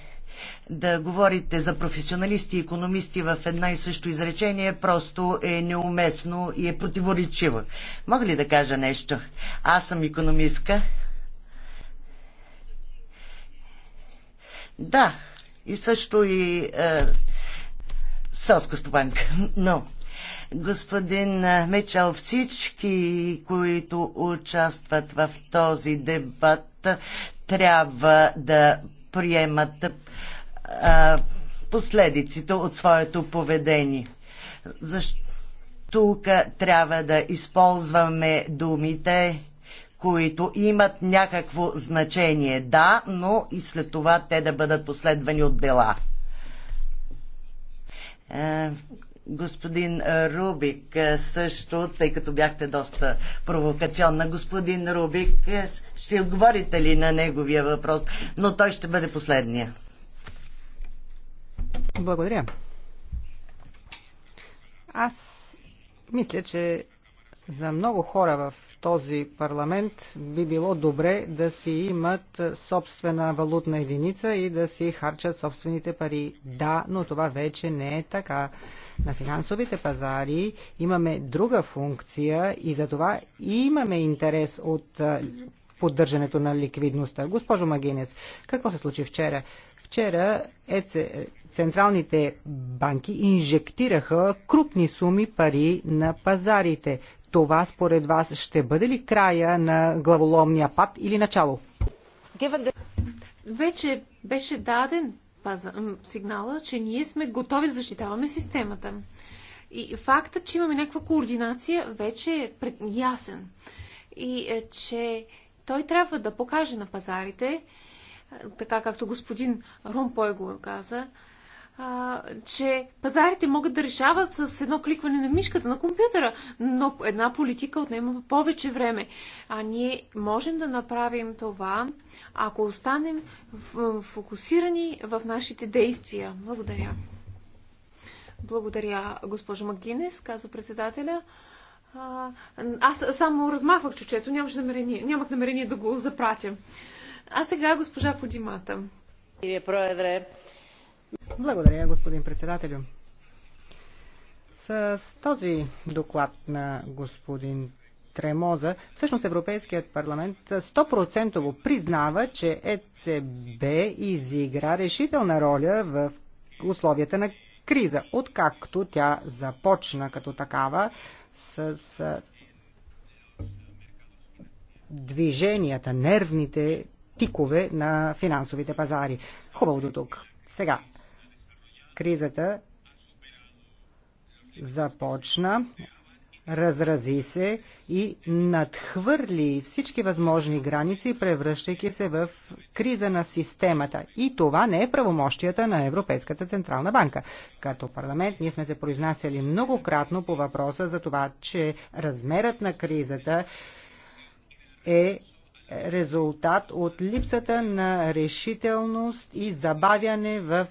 да говорите за професионалисти и економисти в една и също изречение просто е неуместно и е противоречиво. Мога ли да кажа нещо? Аз съм економистка. Да, и също и е, селска стопанка. Но Господин Мечал, всички, които участват в този дебат, трябва да приемат а, последиците от своето поведение. Защо тук трябва да използваме думите, които имат някакво значение, да, но и след това те да бъдат последвани от дела. Е, господин Рубик също, тъй като бяхте доста провокационна. Господин Рубик, ще отговорите ли на неговия въпрос? Но той ще бъде последния. Благодаря. Аз мисля, че за много хора в този парламент би било добре да си имат собствена валутна единица и да си харчат собствените пари. Да, но това вече не е така. На финансовите пазари имаме друга функция и за това имаме интерес от поддържането на ликвидността. Госпожо Магинес, какво се случи вчера? Вчера ЕЦ, централните банки инжектираха крупни суми пари на пазарите. Това според вас ще бъде ли края на главоломния пад или начало? Вече беше даден паза, сигнала, че ние сме готови да защитаваме системата. И фактът, че имаме някаква координация, вече е ясен. И е, че той трябва да покаже на пазарите, така както господин Ромпой го каза, а, че пазарите могат да решават с едно кликване на мишката на компютъра, но една политика отнема повече време. А ние можем да направим това, ако останем фокусирани в нашите действия. Благодаря. Благодаря, госпожо Магинес, казва председателя. Аз само размахвах чучето, нямах намерение, нямах намерение да го запратя. А сега госпожа Подимата. Кирие проедре, благодаря, господин председателю. С този доклад на господин Тремоза, всъщност Европейският парламент 100% признава, че ЕЦБ изигра решителна роля в условията на криза, откакто тя започна като такава с движенията, нервните тикове на финансовите пазари. Хубаво до тук. Сега, кризата започна, разрази се и надхвърли всички възможни граници, превръщайки се в криза на системата. И това не е правомощията на Европейската Централна банка. Като парламент ние сме се произнасяли многократно по въпроса за това, че размерът на кризата е резултат от липсата на решителност и забавяне в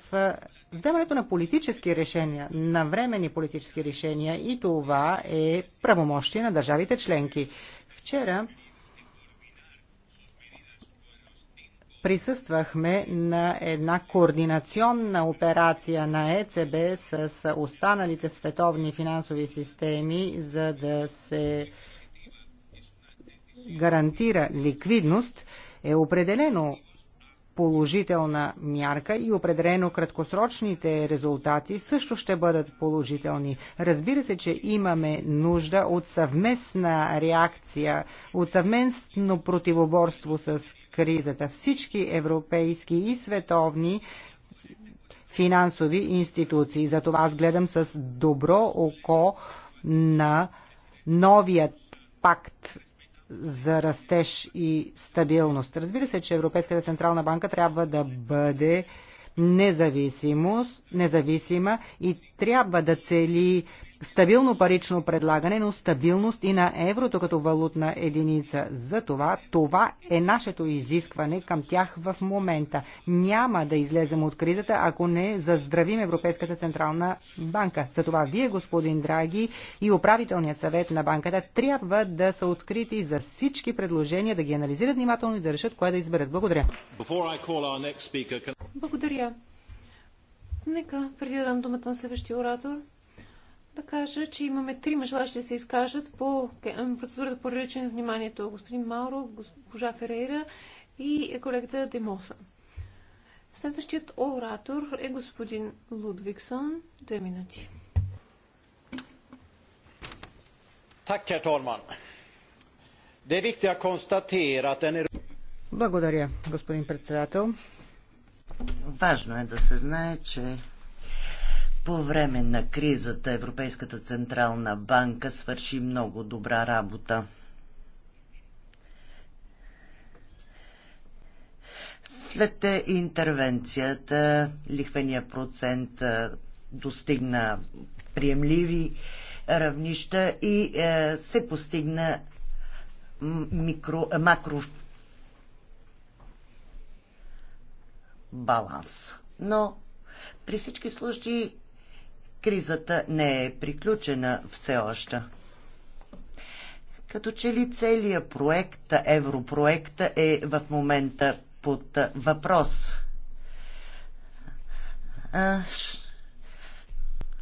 вземането на политически решения, на времени политически решения и това е правомощие на държавите членки. Вчера присъствахме на една координационна операция на ЕЦБ с останалите световни финансови системи, за да се гарантира ликвидност, е определено положителна мярка и определено краткосрочните резултати също ще бъдат положителни. Разбира се, че имаме нужда от съвместна реакция, от съвместно противоборство с кризата. Всички европейски и световни финансови институции. Затова аз гледам с добро око на новият пакт за растеж и стабилност. Разбира се, че Европейската централна банка трябва да бъде независимост, независима и трябва да цели стабилно парично предлагане, но стабилност и на еврото като валутна единица. За това, това е нашето изискване към тях в момента. Няма да излезем от кризата, ако не заздравим Европейската централна банка. За това вие, господин Драги, и управителният съвет на банката трябва да са открити за всички предложения, да ги анализират внимателно и да решат кое да изберат. Благодаря. Благодаря. Нека преди да дам думата на следващия оратор, да кажа, че имаме три желащи да се изкажат по процедурата по реличен на вниманието. Господин Мауро, госпожа Ферейра и колегата Демоса. Следващият оратор е господин Лудвиксон. Две минути. Благодаря, господин председател. Важно е да се знае, че по време на кризата Европейската Централна банка свърши много добра работа. След интервенцията лихвения процент достигна приемливи равнища и се постигна микро, макро баланс. Но при всички случаи кризата не е приключена все още. Като че ли целият проект, европроекта е в момента под въпрос.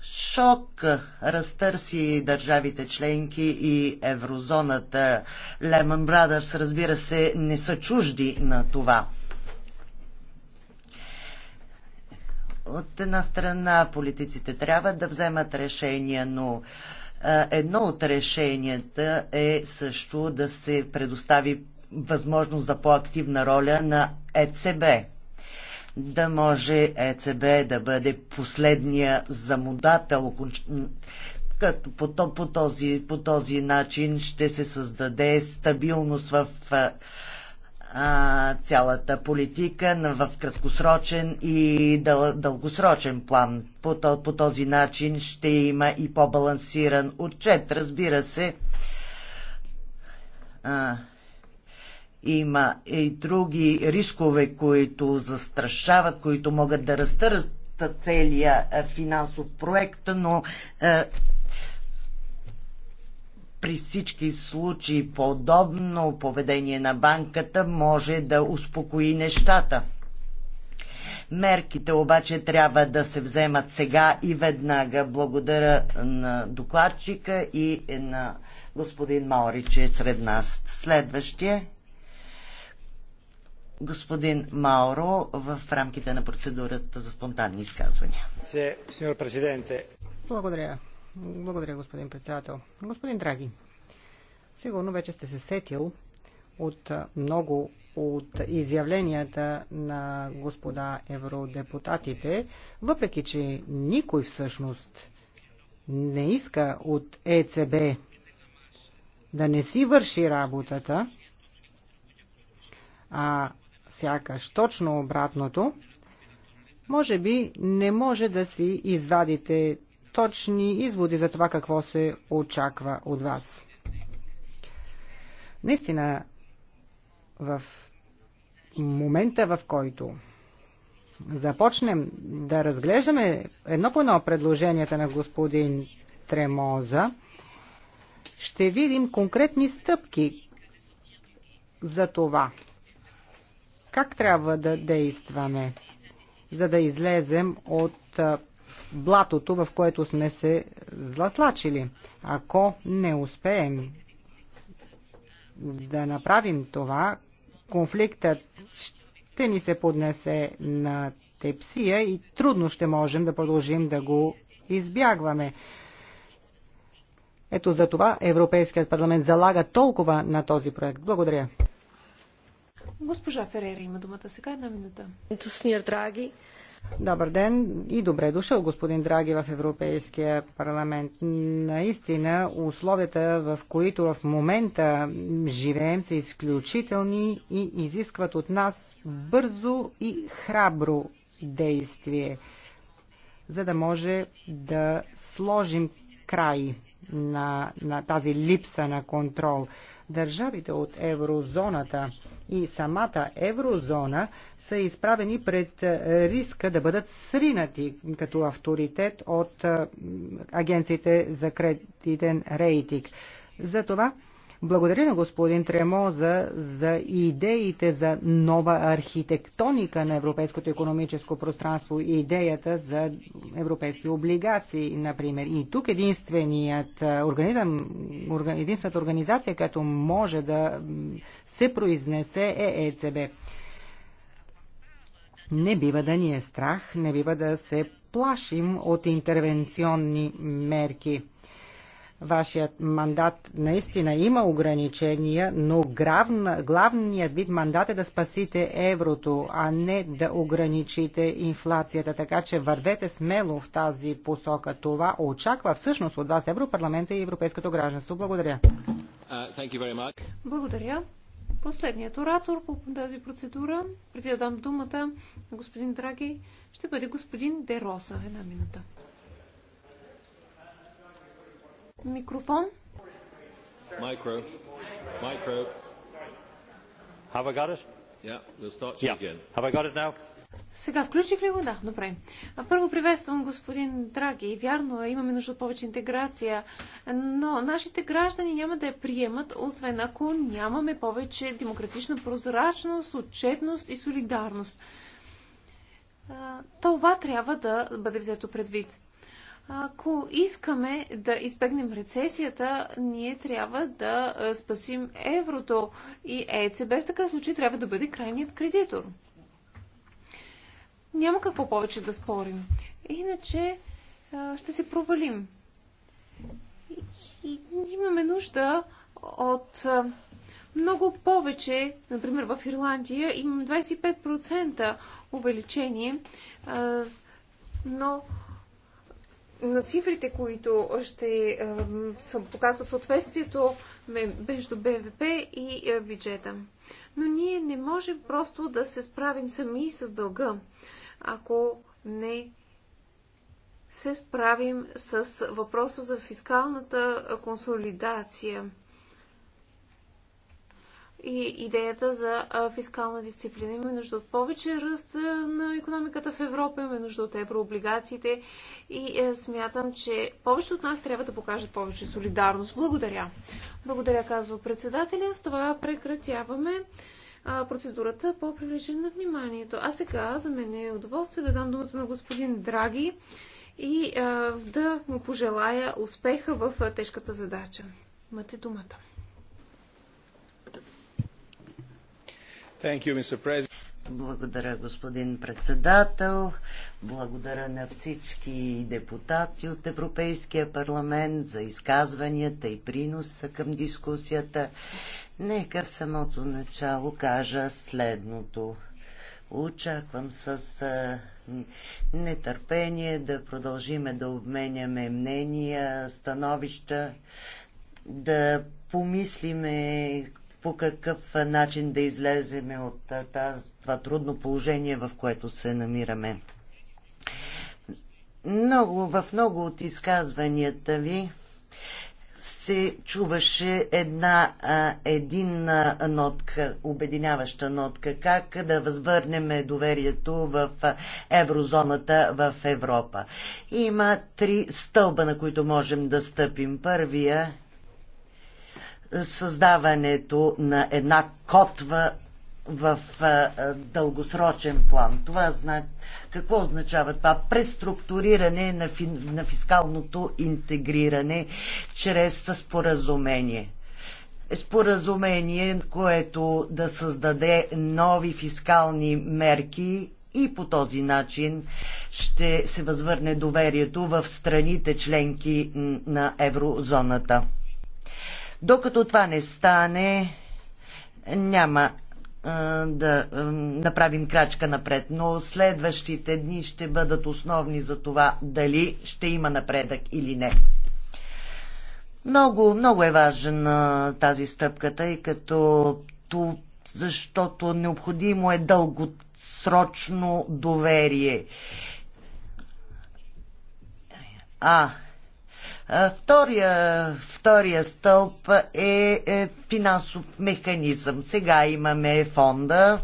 Шок разтърси държавите членки и еврозоната. Лемон Брадърс, разбира се, не са чужди на това. От една страна политиците трябва да вземат решения, но едно от решенията е също да се предостави възможност за по-активна роля на ЕЦБ. Да може ЕЦБ да бъде последния замодател, като по, то, по, този, по този начин ще се създаде стабилност в а, цялата политика в краткосрочен и дъл, дългосрочен план. По, по този начин ще има и по-балансиран отчет. Разбира се, а, има и други рискове, които застрашават, които могат да разтърсят целия финансов проект, но при всички случаи подобно поведение на банката може да успокои нещата. Мерките обаче трябва да се вземат сега и веднага. Благодаря на докладчика и на господин Маори, че е сред нас. Следващия господин Мауро в рамките на процедурата за спонтанни изказвания. Благодаря, благодаря, господин председател. Господин Драги, сигурно вече сте се сетил от много от изявленията на господа евродепутатите, въпреки че никой всъщност не иска от ЕЦБ да не си върши работата, а сякаш точно обратното, може би не може да си извадите точни изводи за това какво се очаква от вас. Наистина, в момента в който започнем да разглеждаме едно по едно предложенията на господин Тремоза, ще видим конкретни стъпки за това. Как трябва да действаме, за да излезем от блатото, в което сме се затлачили. Ако не успеем да направим това, конфликтът ще ни се поднесе на тепсия и трудно ще можем да продължим да го избягваме. Ето за това Европейският парламент залага толкова на този проект. Благодаря. Госпожа Ферери има думата сега една минута. Сеньор Драги, Добър ден и добре дошъл, господин Драги, в Европейския парламент. Наистина, условията, в които в момента живеем, са изключителни и изискват от нас бързо и храбро действие, за да може да сложим край на, на тази липса на контрол. Държавите от еврозоната и самата еврозона са изправени пред е, риска да бъдат сринати като авторитет от е, агенциите за кредитен рейтинг. Затова благодаря на господин Тремоза за идеите за нова архитектоника на европейското економическо пространство и идеята за европейски облигации, например. И тук единственият организъм, единствената организация, която може да се произнесе е ЕЦБ. Не бива да ни е страх, не бива да се плашим от интервенционни мерки. Вашият мандат наистина има ограничения, но главна, главният вид мандат е да спасите еврото, а не да ограничите инфлацията. Така че вървете смело в тази посока. Това очаква всъщност от вас Европарламента и Европейското гражданство. Благодаря. Uh, Благодаря. Последният оратор по тази процедура, преди да дам думата на господин Драги, ще бъде господин Дероса. Една минута. Микрофон. Micro. Micro. Have I got it? Yeah, we'll start you yeah. again. Have I got it now? Сега включих ли го? Да, добре. Първо приветствам господин Драги. Вярно е, имаме нужда от повече интеграция, но нашите граждани няма да я приемат, освен ако нямаме повече демократична прозрачност, отчетност и солидарност. Това трябва да бъде взето предвид. Ако искаме да избегнем рецесията, ние трябва да спасим еврото и ЕЦБ в такъв случай трябва да бъде крайният кредитор. Няма какво повече да спорим. Иначе ще се провалим. И имаме нужда от много повече. Например, в Ирландия имаме 25% увеличение, но на цифрите, които ще показват съответствието между БВП и е, бюджета. Но ние не можем просто да се справим сами с дълга, ако не се справим с въпроса за фискалната консолидация – и идеята за фискална дисциплина. Имаме нужда от повече ръст на економиката в Европа, имаме нужда от еврооблигациите и смятам, че повече от нас трябва да покажат повече солидарност. Благодаря. Благодаря, казва председателя. С това прекратяваме процедурата по привличане на вниманието. А сега за мен е удоволствие да дам думата на господин Драги и да му пожелая успеха в тежката задача. Имате думата. Благодаря, господин председател. Благодаря на всички депутати от Европейския парламент за изказванията и приноса към дискусията. Нека в самото начало кажа следното. Очаквам с нетърпение да продължиме да обменяме мнения, становища, да помислиме по какъв начин да излеземе от тази, това трудно положение, в което се намираме. Много, в много от изказванията ви се чуваше една а, единна нотка, обединяваща нотка, как да възвърнем доверието в еврозоната в Европа. Има три стълба, на които можем да стъпим. Първия създаването на една котва в а, дългосрочен план. Това зна... Какво означава това? Преструктуриране на, фи... на фискалното интегриране чрез споразумение. Споразумение, което да създаде нови фискални мерки и по този начин ще се възвърне доверието в страните членки на еврозоната. Докато това не стане, няма да направим крачка напред. Но следващите дни ще бъдат основни за това дали ще има напредък или не. Много, много е важен а, тази стъпка, тъй като то, защото необходимо е дългосрочно доверие. А, Втория, втория стълб е, е финансов механизъм. Сега имаме фонда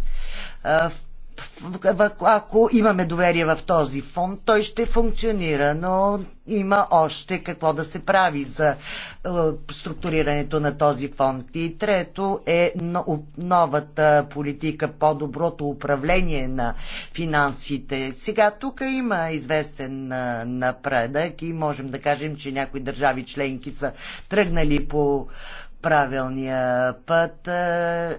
ако имаме доверие в този фонд, той ще функционира, но има още какво да се прави за е, структурирането на този фонд. И трето е новата политика, по-доброто управление на финансите. Сега тук има известен е, напредък и можем да кажем, че някои държави членки са тръгнали по правилния път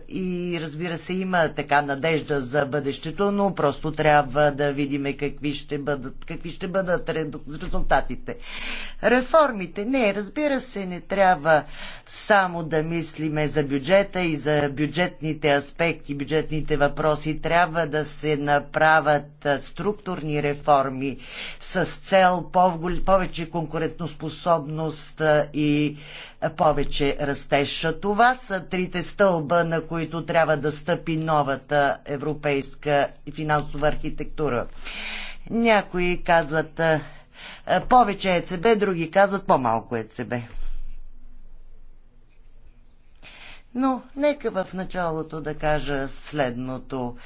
и разбира се има така надежда за бъдещето, но просто трябва да видим какви ще бъдат, какви ще бъдат резултатите. Реформите, не, разбира се, не трябва само да мислиме за бюджета и за бюджетните аспекти, бюджетните въпроси. Трябва да се направят структурни реформи с цел повече конкурентоспособност и повече растеж. Това са трите стълба, на които трябва да стъпи новата европейска финансова архитектура. Някои казват повече ЕЦБ, други казват по-малко ЕЦБ. Но нека в началото да кажа следното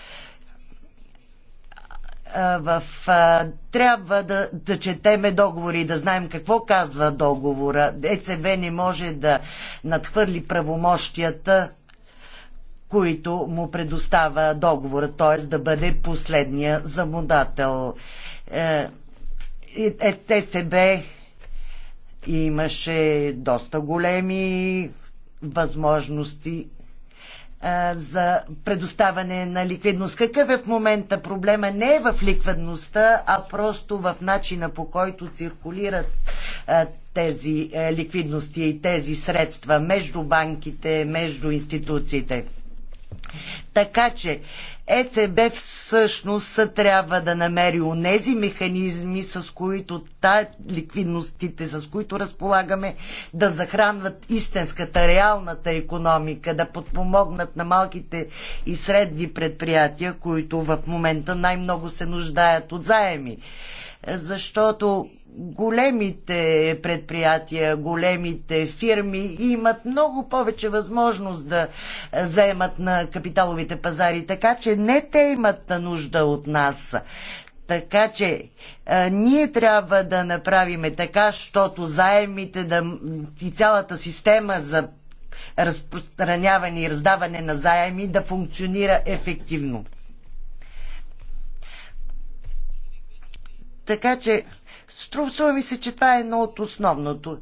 в, а, трябва да, да четеме договори и да знаем какво казва договора. ЕЦБ не може да надхвърли правомощията, които му предостава договора, т.е. да бъде последния замодател. Е, ЕЦБ имаше доста големи възможности за предоставяне на ликвидност. Какъв е в момента проблема? Не е в ликвидността, а просто в начина по който циркулират тези е, ликвидности и тези средства между банките, между институциите. Така че ЕЦБ всъщност трябва да намери онези механизми, с които та ликвидностите, с които разполагаме, да захранват истинската, реалната економика, да подпомогнат на малките и средни предприятия, които в момента най-много се нуждаят от заеми защото големите предприятия, големите фирми имат много повече възможност да заемат на капиталовите пазари, така че не те имат нужда от нас. Така че а, ние трябва да направим така, защото заемите да, и цялата система за разпространяване и раздаване на заеми да функционира ефективно. Така че, струва ми се, че това е едно от основното.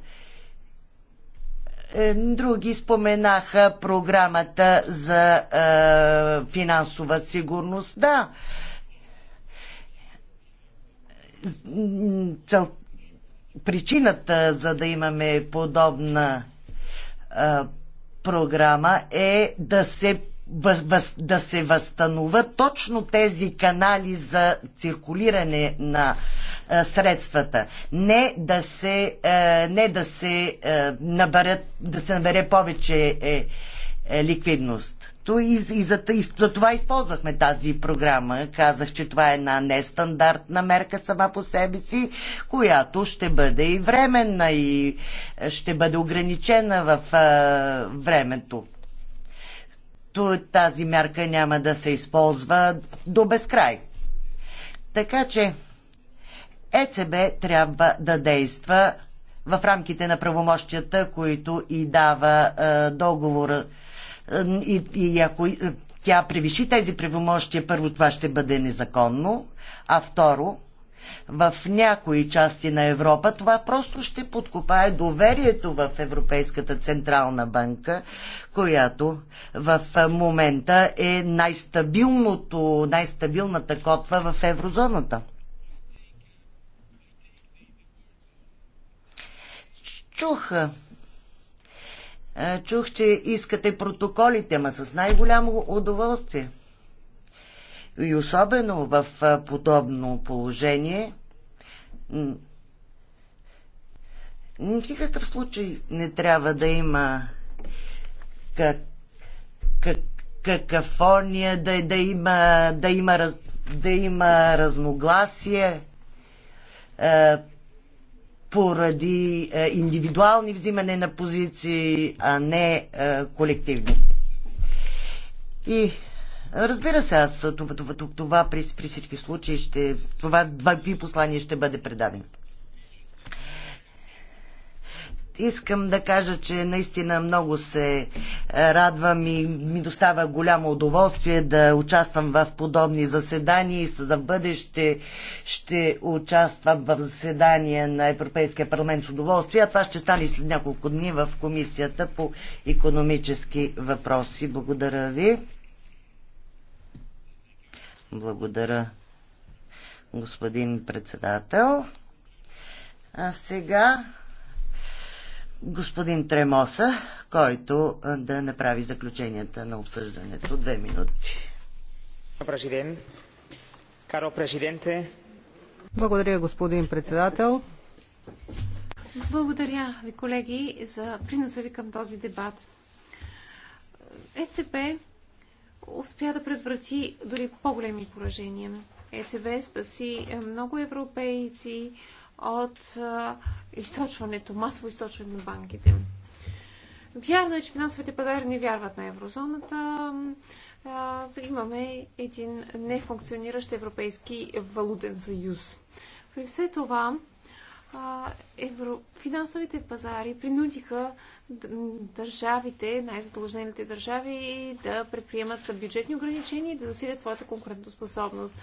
Е, други споменаха програмата за е, финансова сигурност. Да. Цел... Причината за да имаме подобна е, програма е да се да се възстановят точно тези канали за циркулиране на средствата. Не да се, не да се, наберат, да се набере повече е, е, ликвидност. То и, и, за, и за това използвахме тази програма. Казах, че това е една нестандартна мерка сама по себе си, която ще бъде и временна и ще бъде ограничена в а, времето тази мярка няма да се използва до безкрай. Така че ЕЦБ трябва да действа в рамките на правомощията, които и дава е, договора. Е, и, и ако е, тя превиши тези правомощия, първо това ще бъде незаконно, а второ в някои части на Европа, това просто ще подкопае доверието в Европейската Централна банка, която в момента е най-стабилното, най-стабилната котва в еврозоната. Чух. Е, чух, че искате протоколите, ма с най-голямо удоволствие. И особено в подобно положение никакъв случай не трябва да има как, как, какафония, да, да, има, да, има, да има разногласие е, поради е, индивидуални взимане на позиции, а не е, колективни. И Разбира се, аз това, това, това при, при всички случаи ще, това ви послание ще бъде предадено. Искам да кажа, че наистина много се е, радвам и ми доставя голямо удоволствие да участвам в подобни заседания и за бъдеще ще участвам в заседания на Европейския парламент с удоволствие, а това ще стане след няколко дни в Комисията по економически въпроси. Благодаря ви. Благодаря, господин председател. А сега господин Тремоса, който да направи заключенията на обсъждането. Две минути. Президент, каро президенте. Благодаря, господин председател. Благодаря ви, колеги, за приноса ви към този дебат. ЕЦП успя да предврати дори по-големи поражения. ЕЦБ спаси е, много европейци от е, източването, масово източване на банките. Вярно е, че финансовите пазари не вярват на еврозоната. Е, имаме един нефункциониращ европейски валутен съюз. При все това, финансовите пазари принудиха държавите, най-задължените държави да предприемат бюджетни ограничения и да засилят своята конкурентоспособност.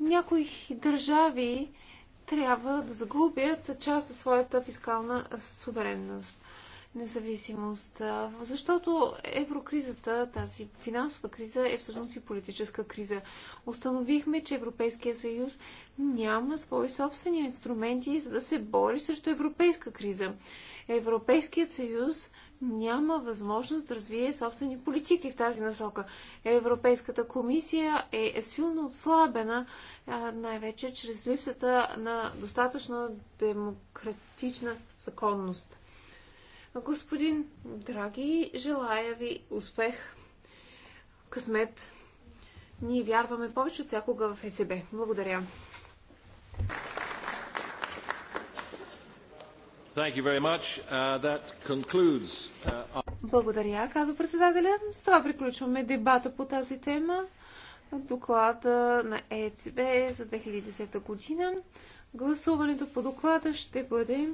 Някои държави трябва да загубят част от своята фискална суверенност независимост, защото еврокризата, тази финансова криза е всъщност и политическа криза. Установихме, че Европейския съюз няма свои собствени инструменти за да се бори срещу европейска криза. Европейският съюз няма възможност да развие собствени политики в тази насока. Европейската комисия е силно отслабена, най-вече чрез липсата на достатъчно демократична законност. Господин Драги, желая ви успех, късмет. Ние вярваме повече от всякога в ЕЦБ. Благодаря. Uh, concludes... Uh, Благодаря, казва председателя. С това приключваме дебата по тази тема. Доклада на ЕЦБ за 2010 година. Гласуването по доклада ще бъде